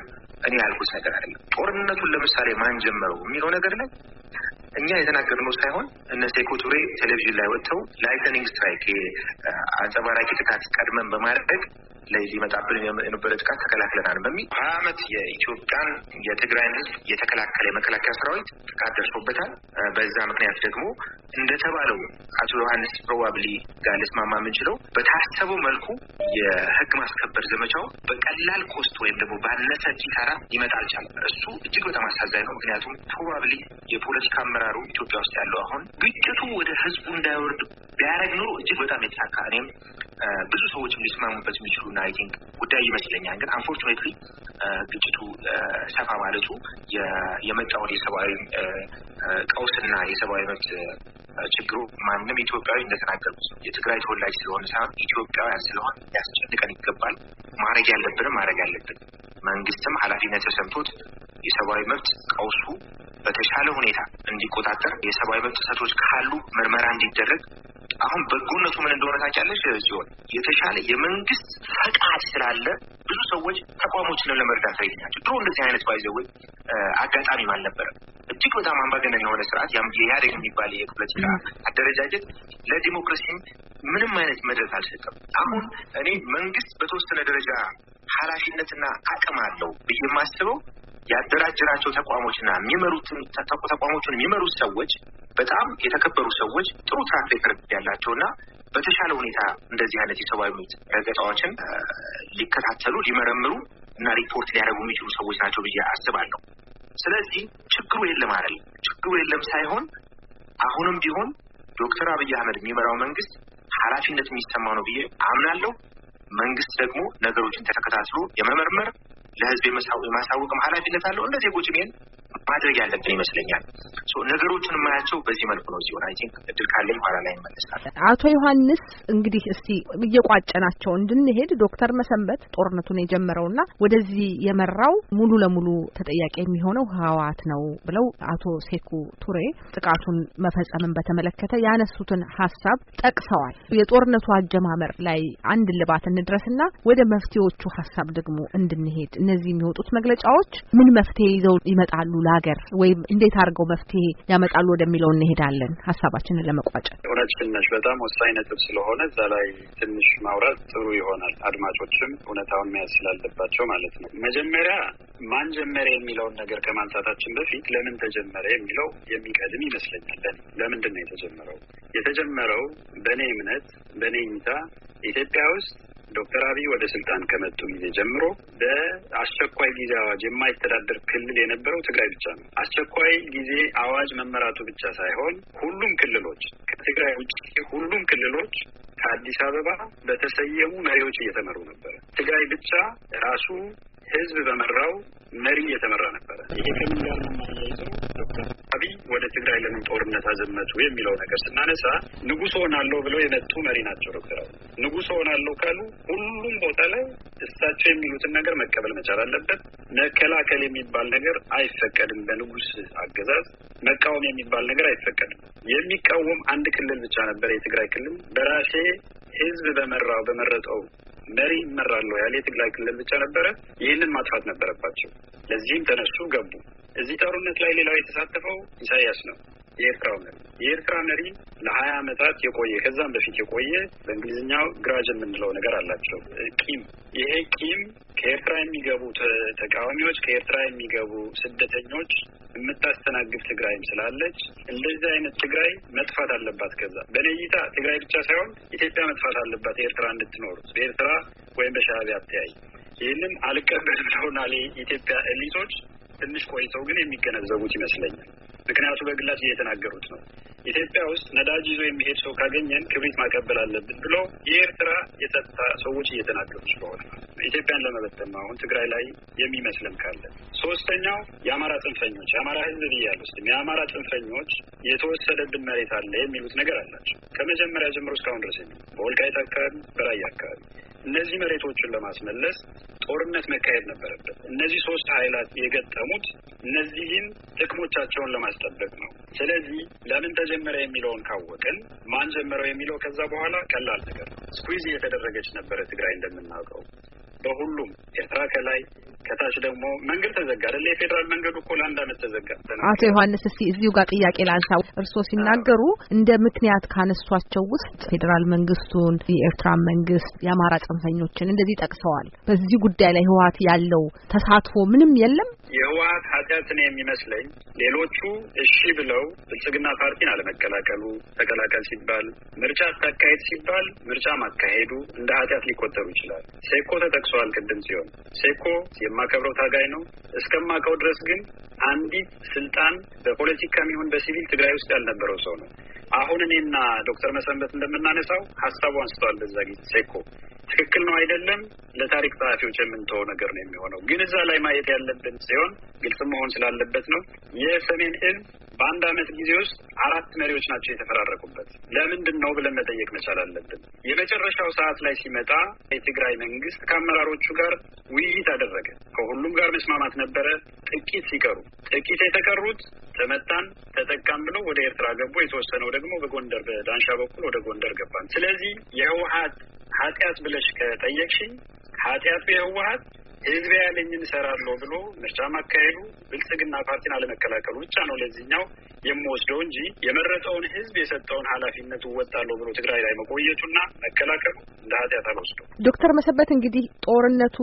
እኔ ያልኩት ነገር አይደለም። ጦርነቱን ለምሳሌ ማን ጀመረው የሚለው ነገር ላይ እኛ የተናገርነው ሳይሆን እነ ሴኮ ቱሬ ቴሌቪዥን ላይ ወጥተው ላይተኒንግ ስትራይክ አንጸባራቂ ጥቃት ቀድመን በማድረግ ላይ ሊመጣብን የነበረ ጥቃት ተከላክለናል በሚል ሀያ አመት የኢትዮጵያን የትግራይን ህዝብ የተከላከለ የመከላከያ ሰራዊት ጥቃት ደርሶበታል። በዛ ምክንያት ደግሞ እንደተባለው አቶ ዮሐንስ ፕሮባብሊ ጋር ልስማማ የምንችለው በታሰበው መልኩ የህግ ማስከበር ዘመቻው በቀላል ኮስት ወይም ደግሞ ባነሰ ኪሳራ ሊመጣ አልቻለም። እሱ እጅግ በጣም አሳዛኝ ነው። ምክንያቱም ፕሮባብሊ የፖለቲካ አመራሩ ኢትዮጵያ ውስጥ ያለው አሁን ግጭቱ ወደ ህዝቡ እንዳይወርድ ቢያደረግ ኑሮ እጅግ በጣም የተሳካ እኔም ብዙ ሰዎችም ሊስማሙበት የሚችሉና አይ ቲንክ ጉዳይ ይመስለኛል። ግን አንፎርቹኔትሊ ግጭቱ ሰፋ ማለቱ የመጣውን የሰብአዊ ቀውስና የሰብአዊ መብት ችግሩ ማንም ኢትዮጵያዊ እንደተናገርኩት የትግራይ ተወላጅ ስለሆነ ሳይሆን ኢትዮጵያውያን ስለሆን ሊያስጨንቀን ይገባል። ማድረግ ያለብንም ማድረግ ያለብን መንግስትም ኃላፊነት ተሰምቶት የሰብአዊ መብት ቀውሱ በተሻለ ሁኔታ እንዲቆጣጠር የሰብአዊ መብት ጥሰቶች ካሉ ምርመራ እንዲደረግ አሁን በጎነቱ ምን እንደሆነ ታውቂያለሽ ሲሆን የተሻለ የመንግስት ፈቃድ ስላለ ብዙ ሰዎች ተቋሞችንም ለመርዳት ላይ ናቸው። ድሮ እንደዚህ አይነት ባይዘወይ አጋጣሚም አልነበረም። እጅግ በጣም አምባገነን የሆነ ስርዓት የኢህአዴግ የሚባል የፖለቲካ አደረጃጀት ለዲሞክራሲም ምንም አይነት መድረክ አልሰጠም። አሁን እኔ መንግስት በተወሰነ ደረጃ ኃላፊነትና አቅም አለው ብዬ የማስበው ያደራጀራቸው ተቋሞችና የሚመሩትን ተቋሞቹን የሚመሩት ሰዎች በጣም የተከበሩ ሰዎች ጥሩ ትራክ ሬከርድ ያላቸው እና በተሻለ ሁኔታ እንደዚህ አይነት የሰብአዊ መብት ረገጣዎችን ሊከታተሉ ሊመረምሩ እና ሪፖርት ሊያደርጉ የሚችሉ ሰዎች ናቸው ብዬ አስባለሁ። ስለዚህ ችግሩ የለም አይደለም፣ ችግሩ የለም ሳይሆን አሁንም ቢሆን ዶክተር አብይ አህመድ የሚመራው መንግስት ኃላፊነት የሚሰማው ነው ብዬ አምናለሁ። መንግስት ደግሞ ነገሮችን ተከታትሎ የመመርመር ለህዝብ የማሳወቅም ኃላፊነት አለው። እንደ ዜጎችም ይሄን ማድረግ ያለብን ይመስለኛል። ነገሮችን የማያቸው በዚህ መልኩ ነው። ሲሆን አይ ቲንክ እድል ካለኝ ኋላ ላይ ይመለሳል። አቶ ዮሐንስ እንግዲህ እስቲ እየቋጨናቸው እንድንሄድ ዶክተር መሰንበት ጦርነቱን የጀመረውና ወደዚህ የመራው ሙሉ ለሙሉ ተጠያቂ የሚሆነው ህወሓት ነው ብለው አቶ ሴኩ ቱሬ ጥቃቱን መፈጸምን በተመለከተ ያነሱትን ሀሳብ ጠቅሰዋል። የጦርነቱ አጀማመር ላይ አንድ ልባት እንድረስና ወደ መፍትሄዎቹ ሀሳብ ደግሞ እንድንሄድ እነዚህ የሚወጡት መግለጫዎች ምን መፍትሄ ይዘው ይመጣሉ ለሀገር ወይም እንዴት አድርገው መፍትሄ ያመጣሉ ወደሚለው እንሄዳለን ሀሳባችንን ለመቋጨት። እውነትሽን ነሽ። በጣም ወሳኝ ነጥብ ስለሆነ እዛ ላይ ትንሽ ማውራት ጥሩ ይሆናል። አድማጮችም እውነታውን መያዝ ስላለባቸው ማለት ነው። መጀመሪያ ማን ጀመረ የሚለውን ነገር ከማንሳታችን በፊት ለምን ተጀመረ የሚለው የሚቀድም ይመስለኛል። ለምንድን ነው የተጀመረው? የተጀመረው በእኔ እምነት በእኔ እይታ ኢትዮጵያ ውስጥ ዶክተር አብይ ወደ ስልጣን ከመጡ ጊዜ ጀምሮ በአስቸኳይ ጊዜ አዋጅ የማይተዳደር ክልል የነበረው ትግራይ ብቻ ነው። አስቸኳይ ጊዜ አዋጅ መመራቱ ብቻ ሳይሆን ሁሉም ክልሎች ከትግራይ ውጭ ሁሉም ክልሎች ከአዲስ አበባ በተሰየሙ መሪዎች እየተመሩ ነበር። ትግራይ ብቻ ራሱ ህዝብ በመራው መሪ እየተመራ ነበረ። ይሄ ከምን ጋር ዶክተር አብይ ወደ ትግራይ ለምን ጦርነት አዘመቱ የሚለው ነገር ስናነሳ ንጉሥ ሆናለሁ ብለው የመጡ መሪ ናቸው ዶክተር አብይ። ንጉሥ ሆናለሁ ካሉ ሁሉም ቦታ ላይ እሳቸው የሚሉትን ነገር መቀበል መቻል አለበት። መከላከል የሚባል ነገር አይፈቀድም። በንጉስ አገዛዝ መቃወም የሚባል ነገር አይፈቀድም። የሚቃወም አንድ ክልል ብቻ ነበር፣ የትግራይ ክልል በራሴ ህዝብ በመራው በመረጠው መሪ ይመራለሁ ያለ የትግራይ ክልል ብቻ ነበረ። ይህንን ማጥፋት ነበረባቸው። ለዚህም ተነሱ፣ ገቡ። እዚህ ጦርነት ላይ ሌላው የተሳተፈው ኢሳያስ ነው። የኤርትራው መሪ የኤርትራ መሪ ለሀያ ዓመታት የቆየ ከዛም በፊት የቆየ በእንግሊዝኛው ግራጅ የምንለው ነገር አላቸው ቂም። ይሄ ቂም ከኤርትራ የሚገቡ ተቃዋሚዎች ከኤርትራ የሚገቡ ስደተኞች የምታስተናግድ ትግራይም ስላለች እንደዚህ አይነት ትግራይ መጥፋት አለባት። ከዛ በእኔ እይታ ትግራይ ብቻ ሳይሆን ኢትዮጵያ መጥፋት አለባት። ኤርትራ እንድትኖር በኤርትራ ወይም በሻዕቢያ አተያይ ይህንን አልቀበል ብለውናል የኢትዮጵያ ኤሊቶች። ትንሽ ቆይተው ግን የሚገነዘቡት ይመስለኛል። ምክንያቱ በግላጭ እየተናገሩት ነው። ኢትዮጵያ ውስጥ ነዳጅ ይዞ የሚሄድ ሰው ካገኘን ክብሪት ማቀበል አለብን ብሎ የኤርትራ የጸጥታ ሰዎች እየተናገሩ ስለሆነ ኢትዮጵያን ለመበተን አሁን ትግራይ ላይ የሚመስልም ካለ። ሶስተኛው የአማራ ጽንፈኞች የአማራ ህዝብ ብያል ውስጥም የአማራ ጽንፈኞች የተወሰደብን መሬት አለ የሚሉት ነገር አላቸው ከመጀመሪያ ጀምሮ እስካሁን ድረስ የሚ በወልቃይት አካባቢ፣ በራያ አካባቢ እነዚህ መሬቶችን ለማስመለስ ጦርነት መካሄድ ነበረበት። እነዚህ ሶስት ኃይላት የገጠሙት እነዚህን ጥቅሞቻቸውን ለማስጠበቅ ነው። ስለዚህ ለምን ተጀመረ የሚለውን ካወቅን ማን ጀመረው የሚለው ከዛ በኋላ ቀላል ነገር ስኩዝ የተደረገች ነበረ ትግራይ እንደምናውቀው በሁሉም ኤርትራ ከላይ ከታች ደግሞ መንገድ ተዘጋ አይደለ? የፌዴራል መንገዱ እኮ ለአንድ አመት ተዘጋ። አቶ ዮሐንስ እስቲ እዚሁ ጋር ጥያቄ ላንሳ። እርስዎ ሲናገሩ እንደ ምክንያት ካነሷቸው ውስጥ ፌዴራል መንግስቱን፣ የኤርትራ መንግስት፣ የአማራ ጽንፈኞችን እንደዚህ ጠቅሰዋል። በዚህ ጉዳይ ላይ ህወሀት ያለው ተሳትፎ ምንም የለም። የህወሀት ኃጢአት ነው የሚመስለኝ። ሌሎቹ እሺ ብለው ብልጽግና ፓርቲን አለመቀላቀሉ፣ ተቀላቀል ሲባል ምርጫ አታካሄድ ሲባል ምርጫ ማካሄዱ እንደ ኃጢአት ሊቆጠሩ ይችላል። ሴኮ ተጠቅሰዋል። ቅድም ሲሆን ሴኮ የማከብረው ታጋይ ነው። እስከማውቀው ድረስ ግን አንዲት ስልጣን በፖለቲካ የሚሆን በሲቪል ትግራይ ውስጥ ያልነበረው ሰው ነው። አሁን እኔና ዶክተር መሰንበት እንደምናነሳው ሀሳቡ አንስተዋል። በዛ ጊዜ ሴኮ ትክክል ነው አይደለም፣ ለታሪክ ጸሐፊዎች የምንተወው ነገር ነው የሚሆነው። ግን እዛ ላይ ማየት ያለብን ሲሆን ግልጽ መሆን ስላለበት ነው የሰሜን እዝ በአንድ አመት ጊዜ ውስጥ አራት መሪዎች ናቸው የተፈራረቁበት። ለምንድን ነው ብለን መጠየቅ መቻል አለብን። የመጨረሻው ሰዓት ላይ ሲመጣ የትግራይ መንግስት ከአመራሮቹ ጋር ውይይት አደረገ። ከሁሉም ጋር መስማማት ነበረ። ጥቂት ሲቀሩ ጥቂት የተቀሩት ተመታን፣ ተጠቃም ብለው ወደ ኤርትራ ገቡ። የተወሰነው ደግሞ በጎንደር በዳንሻ በኩል ወደ ጎንደር ገባን። ስለዚህ የህወሀት ኃጢአት ብለሽ ከጠየቅሽኝ ኃጢአቱ የህወሀት ህዝብ ያለኝን እሰራለሁ ብሎ ምርጫ ማካሄዱ ብልጽግና ፓርቲን አለመከላከሉ ብቻ ነው ለዚህኛው የምወስደው እንጂ የመረጠውን ህዝብ የሰጠውን ኃላፊነት እወጣለሁ ብሎ ትግራይ ላይ መቆየቱና መከላከሉ እንደ ኃጢአት አልወስደው። ዶክተር መሰበት እንግዲህ ጦርነቱ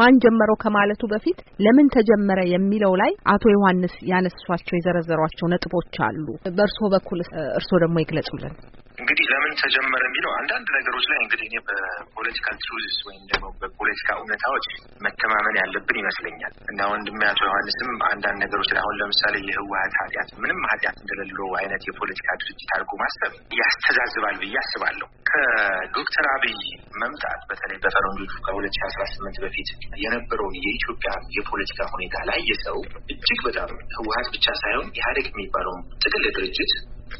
ማን ጀመረው ከማለቱ በፊት ለምን ተጀመረ የሚለው ላይ አቶ ዮሐንስ ያነሷቸው የዘረዘሯቸው ነጥቦች አሉ። በእርስዎ በኩል እርስዎ ደግሞ ይግለጹልን። እንግዲህ ለምን ተጀመረ የሚለው አንዳንድ ነገሮች ላይ እንግዲህ እኔ በፖለቲካል ትሩዝስ ወይም ደግሞ በፖለቲካ እውነታዎች መተማመን ያለብን ይመስለኛል እና ወንድሜ አቶ ዮሐንስም አንዳንድ ነገሮች ላይ አሁን ለምሳሌ የህወሀት ኃጢአት ምንም ኃጢአት እንደሌለው አይነት የፖለቲካ ድርጅት አድርጎ ማሰብ ያስተዛዝባል ብዬ አስባለሁ። ከዶክተር አብይ መምጣት በተለይ በፈረንጆቹ ከሁለት ሺ አስራ ስምንት በፊት የነበረውን የኢትዮጵያ የፖለቲካ ሁኔታ ላይ የሰው እጅግ በጣም ህወሀት ብቻ ሳይሆን ኢህአዴግ የሚባለውን ጥቅል ድርጅት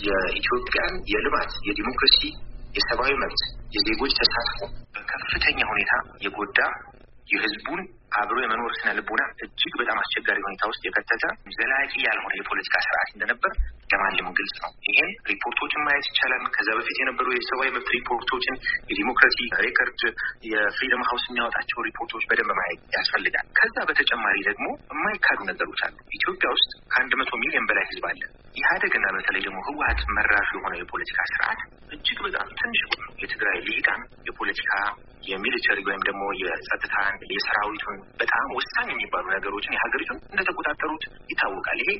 የኢትዮጵያን የልማት የዲሞክራሲ፣ የሰብአዊ መብት፣ የዜጎች ተሳትፎ በከፍተኛ ሁኔታ የጎዳ የህዝቡን አብሮ የመኖር ስነ ልቦና እጅግ በጣም አስቸጋሪ ሁኔታ ውስጥ የከተተ ዘላቂ ያልሆነ የፖለቲካ ስርዓት እንደነበር ለማንም ግልጽ ነው። ይሄን ሪፖርቶችን ማየት ይቻላል። ከዛ በፊት የነበሩ የሰብአዊ መብት ሪፖርቶችን፣ የዲሞክራሲ ሬከርድ፣ የፍሪደም ሀውስ የሚያወጣቸው ሪፖርቶች በደንብ ማየት ያስፈልጋል። ከዛ በተጨማሪ ደግሞ የማይካዱ ነገሮች አሉ። ኢትዮጵያ ውስጥ ከአንድ መቶ ሚሊዮን በላይ ህዝብ አለ። ኢህአዴግና በተለይ ደግሞ ህወሀት መራሹ የሆነ የፖለቲካ ስርዓት እጅግ በጣም ትንሽ የትግራይ ልሂቃን የፖለቲካ የሚሊተሪ ወይም ደግሞ የጸጥታን የሰራዊቱን በጣም ወሳኝ የሚባሉ ነገሮችን የሀገሪቱን እንደተቆጣጠሩት ይታወቃል። ይሄ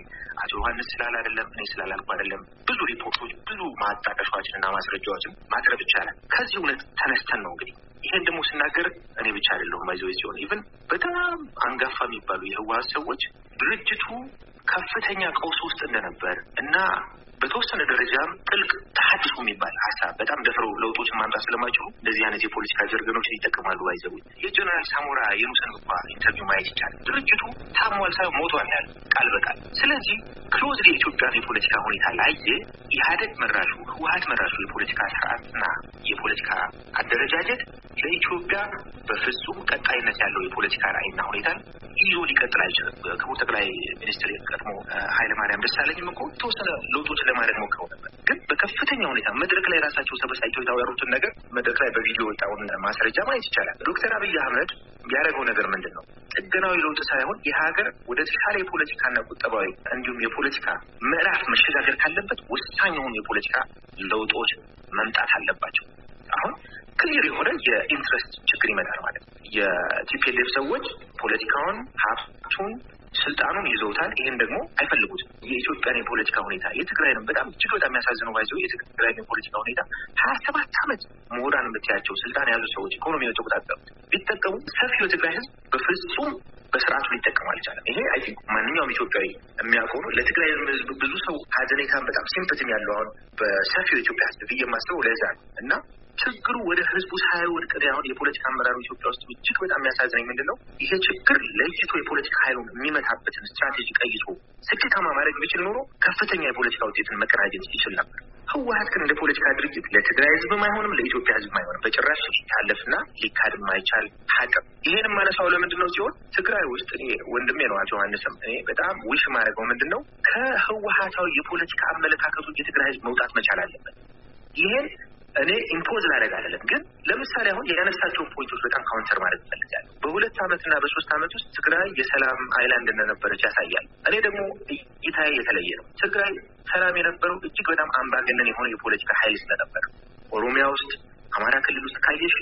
አቶ ዮሐንስ ስላል አይደለም እኔ ስላላልኩ አይደለም። ብዙ ሪፖርቶች፣ ብዙ ማጣቀሻዎችን እና ማስረጃዎችን ማቅረብ ይቻላል። ከዚህ እውነት ተነስተን ነው እንግዲህ ይህን ደግሞ ስናገር እኔ ብቻ አይደለሁም። ማይዘወይ ሲሆን ኢቨን በጣም አንጋፋ የሚባሉ የህወሀት ሰዎች ድርጅቱ ከፍተኛ ቀውስ ውስጥ እንደነበር እና በተወሰነ ደረጃም ጥልቅ ተሀድሶ የሚባል ሀሳብ በጣም ደፍረው ለውጦችን ማምጣት ስለማይችሉ እንደዚህ አይነት የፖለቲካ ጀርገኖችን ይጠቀማሉ። አይዘቡ የጀነራል ሳሞራ የኑሰን እንኳ ኢንተርቪው ማየት ይቻላል። ድርጅቱ ታሟል ሳይሆን ሞቷል ያለ ቃል በቃል። ስለዚህ ክሎዝ የኢትዮጵያን የፖለቲካ ሁኔታ ላየ ኢህአደግ መራሹ ህወሀት መራሹ የፖለቲካ ስርዓትና የፖለቲካ አደረጃጀት ለኢትዮጵያ በፍጹም ቀጣይነት ያለው የፖለቲካ ራዕይና ሁኔታን ይዞ ሊቀጥል አይችልም። ክቡር ጠቅላይ ሚኒስትር ቀድሞ ኃይለማርያም ደሳለኝም እኮ ተወሰነ ለውጦች ለማድረግ ሞክረው ነበር። ግን በከፍተኛ ሁኔታ መድረክ ላይ ራሳቸው ሰበሳይቸው የታወሩትን ነገር መድረክ ላይ በቪዲዮ ወጣውን ማስረጃ ማየት ይቻላል። ዶክተር አብይ አህመድ ያደረገው ነገር ምንድን ነው? ጥገናዊ ለውጥ ሳይሆን የሀገር ወደ ተሻለ የፖለቲካና ቁጠባዊ እንዲሁም የፖለቲካ ምዕራፍ መሸጋገር ካለበት ወሳኝ የሆኑ የፖለቲካ ለውጦች መምጣት አለባቸው። አሁን ክሊር የሆነ የኢንትረስት ችግር ይመጣል ማለት ነው። የቲፒኤልኤፍ ሰዎች ፖለቲካውን፣ ሀብቱን ስልጣኑን ይዘውታል። ይህን ደግሞ አይፈልጉትም። የኢትዮጵያን የፖለቲካ ሁኔታ የትግራይንም በጣም እጅግ በጣም የሚያሳዝነው ባይዘ የትግራይ የፖለቲካ ሁኔታ ሀያ ሰባት ዓመት ምሁራን የምትያቸው ስልጣን የያዙ ሰዎች ኢኮኖሚ ነው የተቆጣጠሩት። ቢጠቀሙ ሰፊው የትግራይ ህዝብ በፍጹም በስርዓቱ ሊጠቀሙ አልቻለም። ይሄ አይ ቲንክ ማንኛውም ኢትዮጵያዊ የሚያውቀው ነው። ለትግራይ ህዝብ ብዙ ሰው ሀዘኔታን በጣም ሲምፕትም ያለው አሁን በሰፊው የኢትዮጵያ ህዝብ ብዬ የማስበው ለዛ ነው እና ችግሩ ወደ ህዝቡ ሳይወድቅ አሁን የፖለቲካ አመራሩ ኢትዮጵያ ውስጥ እጅግ በጣም የሚያሳዝነኝ ምንድን ነው ይሄ ችግር ለይቶ የፖለቲካ ኃይሉን የሚመታበትን ስትራቴጂ ቀይሶ ስኬታማ ማድረግ ቢችል ኖሮ ከፍተኛ የፖለቲካ ውጤትን መቀናጀት ይችል ነበር። ህወሀት ግን እንደ ፖለቲካ ድርጅት ለትግራይ ህዝብም አይሆንም፣ ለኢትዮጵያ ህዝብም አይሆንም። በጭራሽ ሊታለፍና ሊካድ የማይቻል ሀቅም ይሄንም ማነሳው ለምንድን ነው ሲሆን ትግራይ ውስጥ እኔ ወንድሜ ነው አቶ ዮሐንስም እኔ በጣም ውሽ ማድረገው ምንድን ነው ከህወሀታዊ የፖለቲካ አመለካከቱ የትግራይ ህዝብ መውጣት መቻል አለበት። ይሄን እኔ ኢምፖዝ ላደርግ አይደለም፣ ግን ለምሳሌ አሁን ያነሳቸውን ፖይንቶች በጣም ካውንተር ማድረግ እፈልጋለሁ። በሁለት ዓመትና በሶስት ዓመት ውስጥ ትግራይ የሰላም አይላንድ እንደነበረች ያሳያል። እኔ ደግሞ እይታዬ የተለየ ነው። ትግራይ ሰላም የነበረው እጅግ በጣም አምባገነን የሆነ የፖለቲካ ኃይል ስለነበረ ኦሮሚያ ውስጥ፣ አማራ ክልል ውስጥ ካየሽ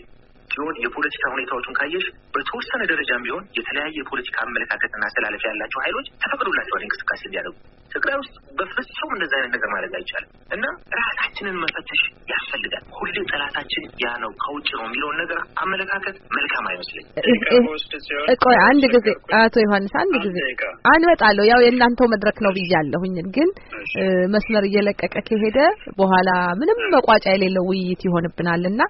ሲሆን የፖለቲካ ሁኔታዎቹን ካየሽ በተወሰነ ደረጃም ቢሆን የተለያየ የፖለቲካ አመለካከትና አስተላለፍ ያላቸው ኃይሎች ተፈቅዶላቸዋል እንቅስቃሴ እንዲያደርጉ ትግራይ ውስጥ በፍጹም እንደዚ አይነት ነገር ማድረግ አይቻልም እና ራሳችንን መፈተሽ ያስፈልጋል። ሁሌ ጠላታችን ያ ነው ከውጭ ነው የሚለውን ነገር አመለካከት መልካም አይመስለኝ። ቆይ አንድ ጊዜ አቶ ዮሐንስ አንድ ጊዜ አንመጣለሁ። ያው የእናንተው መድረክ ነው ብያለሁኝ፣ ግን መስመር እየለቀቀ ከሄደ በኋላ ምንም መቋጫ የሌለው ውይይት ይሆንብናል እና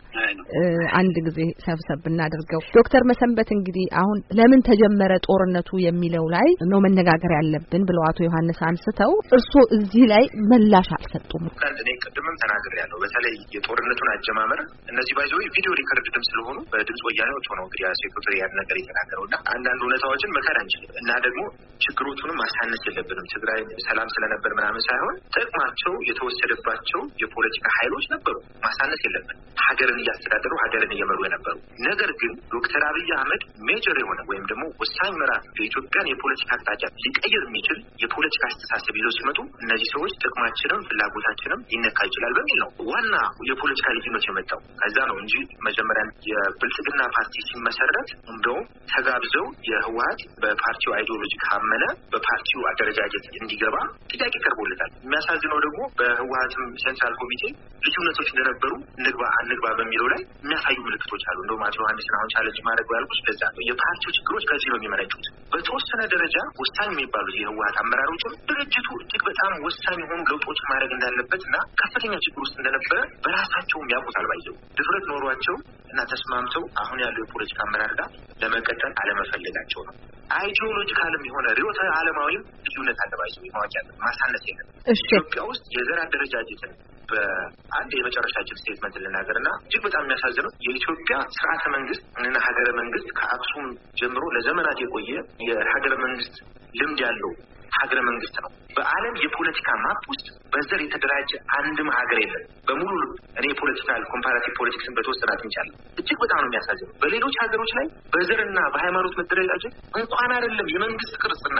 አንድ ጊዜ ሰብሰብ ብናደርገው። ዶክተር መሰንበት እንግዲህ አሁን ለምን ተጀመረ ጦርነቱ የሚለው ላይ ነው መነጋገር ያለብን ብለው አቶ ዮሐንስ አንስ አንስተው እርስዎ እዚህ ላይ መላሽ አልሰጡም። እኔ ቅድምም ያለው በተለይ የጦርነቱን አጀማመር እነዚህ ባይዘ ቪዲዮ ሪከርድ ድምፅ ስለሆኑ በድምፅ ወያኔዎች ሆነው እንግዲህ ሴክሬታሪ ያን ነገር የተናገረው እና አንዳንድ እውነታዎችን መካድ አንችልም እና ደግሞ ችግሮቹንም ማሳነስ የለብንም። ትግራይ ሰላም ስለነበር ምናምን ሳይሆን ጥቅማቸው የተወሰደባቸው የፖለቲካ ኃይሎች ነበሩ። ማሳነስ የለብን። ሀገርን እያስተዳደሩ ሀገርን እየመሩ የነበሩ ነገር ግን ዶክተር አብይ አህመድ ሜጀር የሆነ ወይም ደግሞ ወሳኝ ምዕራፍ የኢትዮጵያን የፖለቲካ አቅጣጫ ሊቀይር የሚችል የፖለቲካ አስተሳሰብ አስተሳሰብ ይዘው ሲመጡ እነዚህ ሰዎች ጥቅማችንም ፍላጎታችንም ይነካ ይችላል በሚል ነው ዋና የፖለቲካ ልዩነት የመጣው ከዛ ነው እንጂ መጀመሪያ የብልጽግና ፓርቲ ሲመሰረት እንደውም ተጋብዘው የህወሀት በፓርቲው አይዲዮሎጂ ካመነ በፓርቲው አደረጃጀት እንዲገባ ጥያቄ ቀርቦለታል። የሚያሳዝነው ደግሞ በህወሀትም ሴንትራል ኮሚቴ ልዩነቶች እንደነበሩ ንግባ አንግባ በሚለው ላይ የሚያሳዩ ምልክቶች አሉ። እንደውም አቶ ዮሐንስን አሁን ቻለንጅ ማድረግ ያልኩት በዛ ነው። የፓርቲው ችግሮች ከዚህ ነው የሚመነጩት። በተወሰነ ደረጃ ወሳኝ የሚባሉት የህወሀት አመራሮችም ድርድር ድርጅቱ እጅግ በጣም ወሳኝ የሆኑ ለውጦች ማድረግ እንዳለበት እና ከፍተኛ ችግር ውስጥ እንደነበረ በራሳቸውም ያውቁታል። ባይዘው ድፍረት ኖሯቸው እና ተስማምተው አሁን ያለው የፖለቲካ አመራር ጋር ለመቀጠል አለመፈለጋቸው ነው። አይዲዮሎጂካልም የሆነ ርዕዮተ ዓለማዊም ልዩነት አለ። ባይዘው የማወቂያ ማሳነት የለም። ኢትዮጵያ ውስጥ የዘር አደረጃጀትን በአንድ የመጨረሻ ጅል ስቴትመንት ልናገር እና እጅግ በጣም የሚያሳዝነው የኢትዮጵያ ስርዓተ መንግስት እና ሀገረ መንግስት ከአክሱም ጀምሮ ለዘመናት የቆየ የሀገረ መንግስት ልምድ ያለው ሀገረ መንግስት ነው። በዓለም የፖለቲካ ማፕ ውስጥ በዘር የተደራጀ አንድም ሀገር የለም። በሙሉ እኔ የፖለቲካል ኮምፓራቲቭ ፖለቲክስን በተወሰነ አጥንቻለሁ። እጅግ በጣም ነው የሚያሳዝነው። በሌሎች ሀገሮች ላይ በዘርና በሃይማኖት መደረጃጀት እንኳን አይደለም የመንግስት ቅርጽና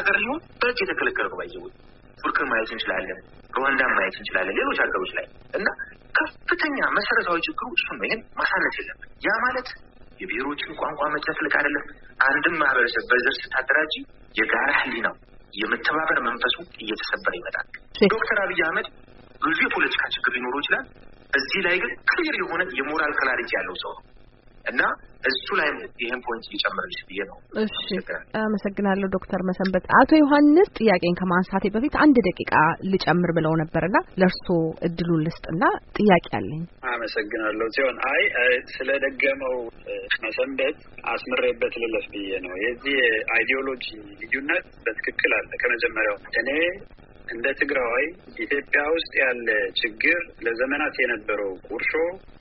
ሀገር ሊሆን በእጅ የተከለከለ ነው። ባየው ቱርክን ማየት እንችላለን፣ ሩዋንዳን ማየት እንችላለን፣ ሌሎች ሀገሮች ላይ እና ከፍተኛ መሰረታዊ ችግሩ እሱ ነው። ይህን ማሳነት የለም። ያ ማለት የብሔሮችን ቋንቋ መጨፍለቅ አይደለም። አንድም ማህበረሰብ በዘር ስታደራጅ የጋራ ነው። የመተባበር መንፈሱ እየተሰበረ ይመጣል። ዶክተር አብይ አህመድ ብዙ የፖለቲካ ችግር ሊኖረው ይችላል። እዚህ ላይ ግን ክሊር የሆነ የሞራል ክላሪቲ ያለው ሰው ነው እና እሱ ላይ ይህን ፖይንት ሊጨምርልሽ ብዬ ነው። እሺ አመሰግናለሁ ዶክተር መሰንበት። አቶ ዮሐንስ ጥያቄን ከማንሳቴ በፊት አንድ ደቂቃ ልጨምር ብለው ነበርና ለእርሶ እድሉን ልስጥና ጥያቄ አለኝ። አመሰግናለሁ ሲሆን አይ ስለ ደገመው መሰንበት አስምሬበት ልለፍ ብዬ ነው። የዚህ አይዲዮሎጂ ልዩነት በትክክል አለ ከመጀመሪያው እኔ እንደ ትግራዋይ ኢትዮጵያ ውስጥ ያለ ችግር ለዘመናት የነበረው ቁርሾ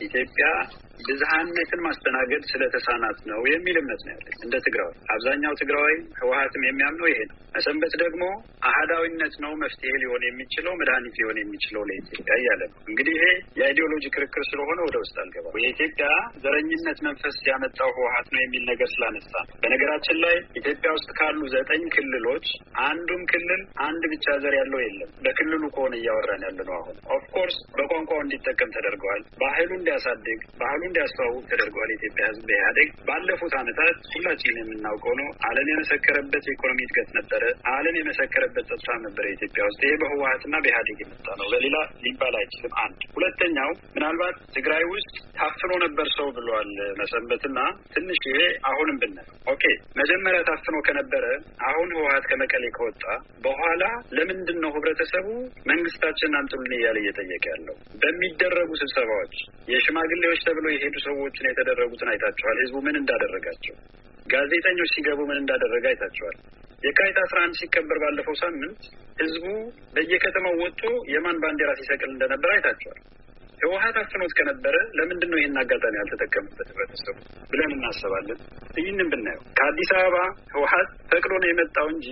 ኢትዮጵያ ብዝሃነትን ማስተናገድ ስለተሳናት ነው የሚል እምነት ነው ያለኝ እንደ ትግራዊ። አብዛኛው ትግራዊ ህወሀትም የሚያምነው ይሄ ነው። መሰንበት ደግሞ አህዳዊነት ነው መፍትሄ ሊሆን የሚችለው መድኃኒት ሊሆን የሚችለው ለኢትዮጵያ እያለ ነው። እንግዲህ ይሄ የአይዲዮሎጂ ክርክር ስለሆነ ወደ ውስጥ አልገባም። የኢትዮጵያ ዘረኝነት መንፈስ ያመጣው ህወሀት ነው የሚል ነገር ስላነሳ ነው። በነገራችን ላይ ኢትዮጵያ ውስጥ ካሉ ዘጠኝ ክልሎች አንዱም ክልል አንድ ብቻ ዘር ያለው የለም። በክልሉ ከሆነ እያወራን ያለ ነው። አሁን ኦፍኮርስ በቋንቋው እንዲጠቀም ተደርገዋል። ባህሉ እንዲያሳድግ ባህሉ እንዲያስተዋውቅ ተደርጓል። የኢትዮጵያ ህዝብ ኢህአዴግ ባለፉት አመታት ሁላችን የምናውቀው ነው። ዓለም የመሰከረበት የኢኮኖሚ እድገት ነበረ። ዓለም የመሰከረበት ጸጥታ ነበረ ኢትዮጵያ ውስጥ። ይሄ በህወሀትና በኢህአዴግ የመጣ ነው፣ በሌላ ሊባል አይችልም። አንድ ሁለተኛው ምናልባት ትግራይ ውስጥ ታፍኖ ነበር ሰው ብሏል መሰንበትና ትንሽ ይሄ አሁንም ብናል ኦኬ፣ መጀመሪያ ታፍኖ ከነበረ አሁን ህወሀት ከመቀሌ ከወጣ በኋላ ለምንድን ነው ህብረተሰቡ መንግስታችን አምጥሉን እያለ እየጠየቀ ያለው? በሚደረጉ ስብሰባዎች የሽማግሌዎች ተብሎ የሄዱ ሰዎች የተደረጉትን አይታችኋል። ህዝቡ ምን እንዳደረጋቸው፣ ጋዜጠኞች ሲገቡ ምን እንዳደረገ አይታችኋል። የካቲት አስራ አንድ ሲከበር ባለፈው ሳምንት ህዝቡ በየከተማው ወጥቶ የማን ባንዲራ ሲሰቅል እንደነበር አይታችኋል። ህወሀት አፍኖት ከነበረ ለምንድን ነው ይህን አጋጣሚ ያልተጠቀምበት ህብረተሰቡ ብለን እናስባለን። ይህንም ብናየው ከአዲስ አበባ ህወሀት ፈቅዶ ነው የመጣው እንጂ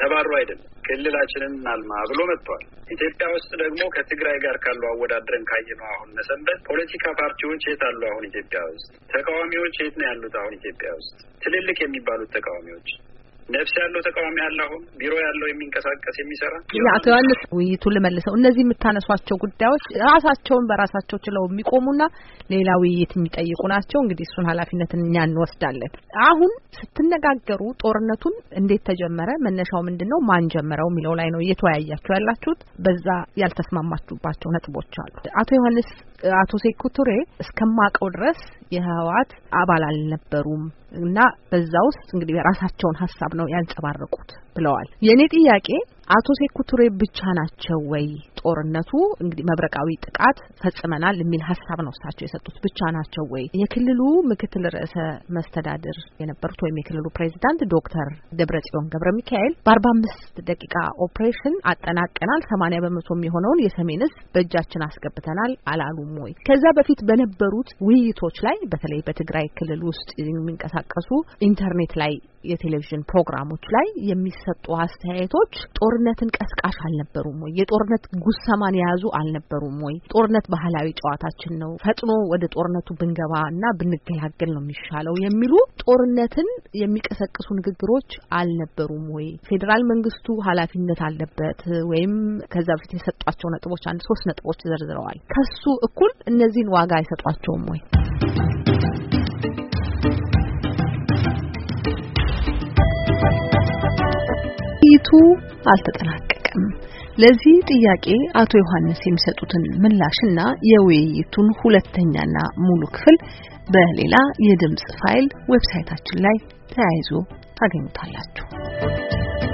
ተባሮ አይደለም። ክልላችንን እናልማ ብሎ መጥተዋል። ኢትዮጵያ ውስጥ ደግሞ ከትግራይ ጋር ካሉ አወዳድረን ካየ ነው አሁን መሰንበት ፖለቲካ ፓርቲዎች የት አሉ? አሁን ኢትዮጵያ ውስጥ ተቃዋሚዎች የት ነው ያሉት? አሁን ኢትዮጵያ ውስጥ ትልልቅ የሚባሉት ተቃዋሚዎች ነፍስ ያለው ተቃዋሚ ያለ አሁን ቢሮ ያለው የሚንቀሳቀስ የሚሰራ አቶ ዮሐንስ ውይይቱን ልመልሰው። እነዚህ የምታነሷቸው ጉዳዮች ራሳቸውን በራሳቸው ችለው የሚቆሙና ሌላ ውይይት የሚጠይቁ ናቸው። እንግዲህ እሱን ኃላፊነትን እኛ እንወስዳለን። አሁን ስትነጋገሩ ጦርነቱን እንዴት ተጀመረ፣ መነሻው ምንድን ነው፣ ማን ጀመረው የሚለው ላይ ነው እየተወያያችሁ ያላችሁት። በዛ ያልተስማማችሁባቸው ነጥቦች አሉ። አቶ ዮሐንስ አቶ ሴኩቱሬ ቱሬ እስከማቀው ድረስ የህወሓት አባል አልነበሩም እና በዛ ውስጥ እንግዲህ የራሳቸውን ሀሳብ ነው ያንጸባረቁት ብለዋል። የእኔ ጥያቄ አቶ ሴኩቱሬ ብቻ ናቸው ወይ ጦርነቱ እንግዲህ መብረቃዊ ጥቃት ፈጽመናል የሚል ሀሳብ ነው እሳቸው የሰጡት ብቻ ናቸው ወይ? የክልሉ ምክትል ርዕሰ መስተዳድር የነበሩት ወይም የክልሉ ፕሬዚዳንት ዶክተር ደብረጽዮን ገብረ ሚካኤል በአርባ አምስት ደቂቃ ኦፕሬሽን አጠናቀናል፣ ሰማኒያ በመቶ የሚሆነውን የሰሜን በእጃችን አስገብተናል አላሉም ወይ? ከዛ በፊት በነበሩት ውይይቶች ላይ በተለይ በትግራይ ክልል ውስጥ የሚንቀሳቀሱ ኢንተርኔት ላይ የቴሌቪዥን ፕሮግራሞች ላይ የሚሰጡ አስተያየቶች ጦርነትን ቀስቃሽ አልነበሩም ወይ? የጦርነት ጉሰማን የያዙ አልነበሩም ወይ? ጦርነት ባህላዊ ጨዋታችን ነው፣ ፈጥኖ ወደ ጦርነቱ ብንገባ እና ብንገላገል ነው የሚሻለው የሚሉ ጦርነትን የሚቀሰቅሱ ንግግሮች አልነበሩም ወይ? ፌዴራል መንግስቱ ኃላፊነት አለበት ወይም ከዛ በፊት የሰጧቸው ነጥቦች አንድ ሶስት ነጥቦች ዘርዝረዋል። ከሱ እኩል እነዚህን ዋጋ አይሰጧቸውም ወይ? ውይይቱ አልተጠናቀቀም። ለዚህ ጥያቄ አቶ ዮሐንስ የሚሰጡትን ምላሽና የውይይቱን ሁለተኛና ሙሉ ክፍል በሌላ የድምጽ ፋይል ዌብሳይታችን ላይ ተያይዞ ታገኙታላችሁ።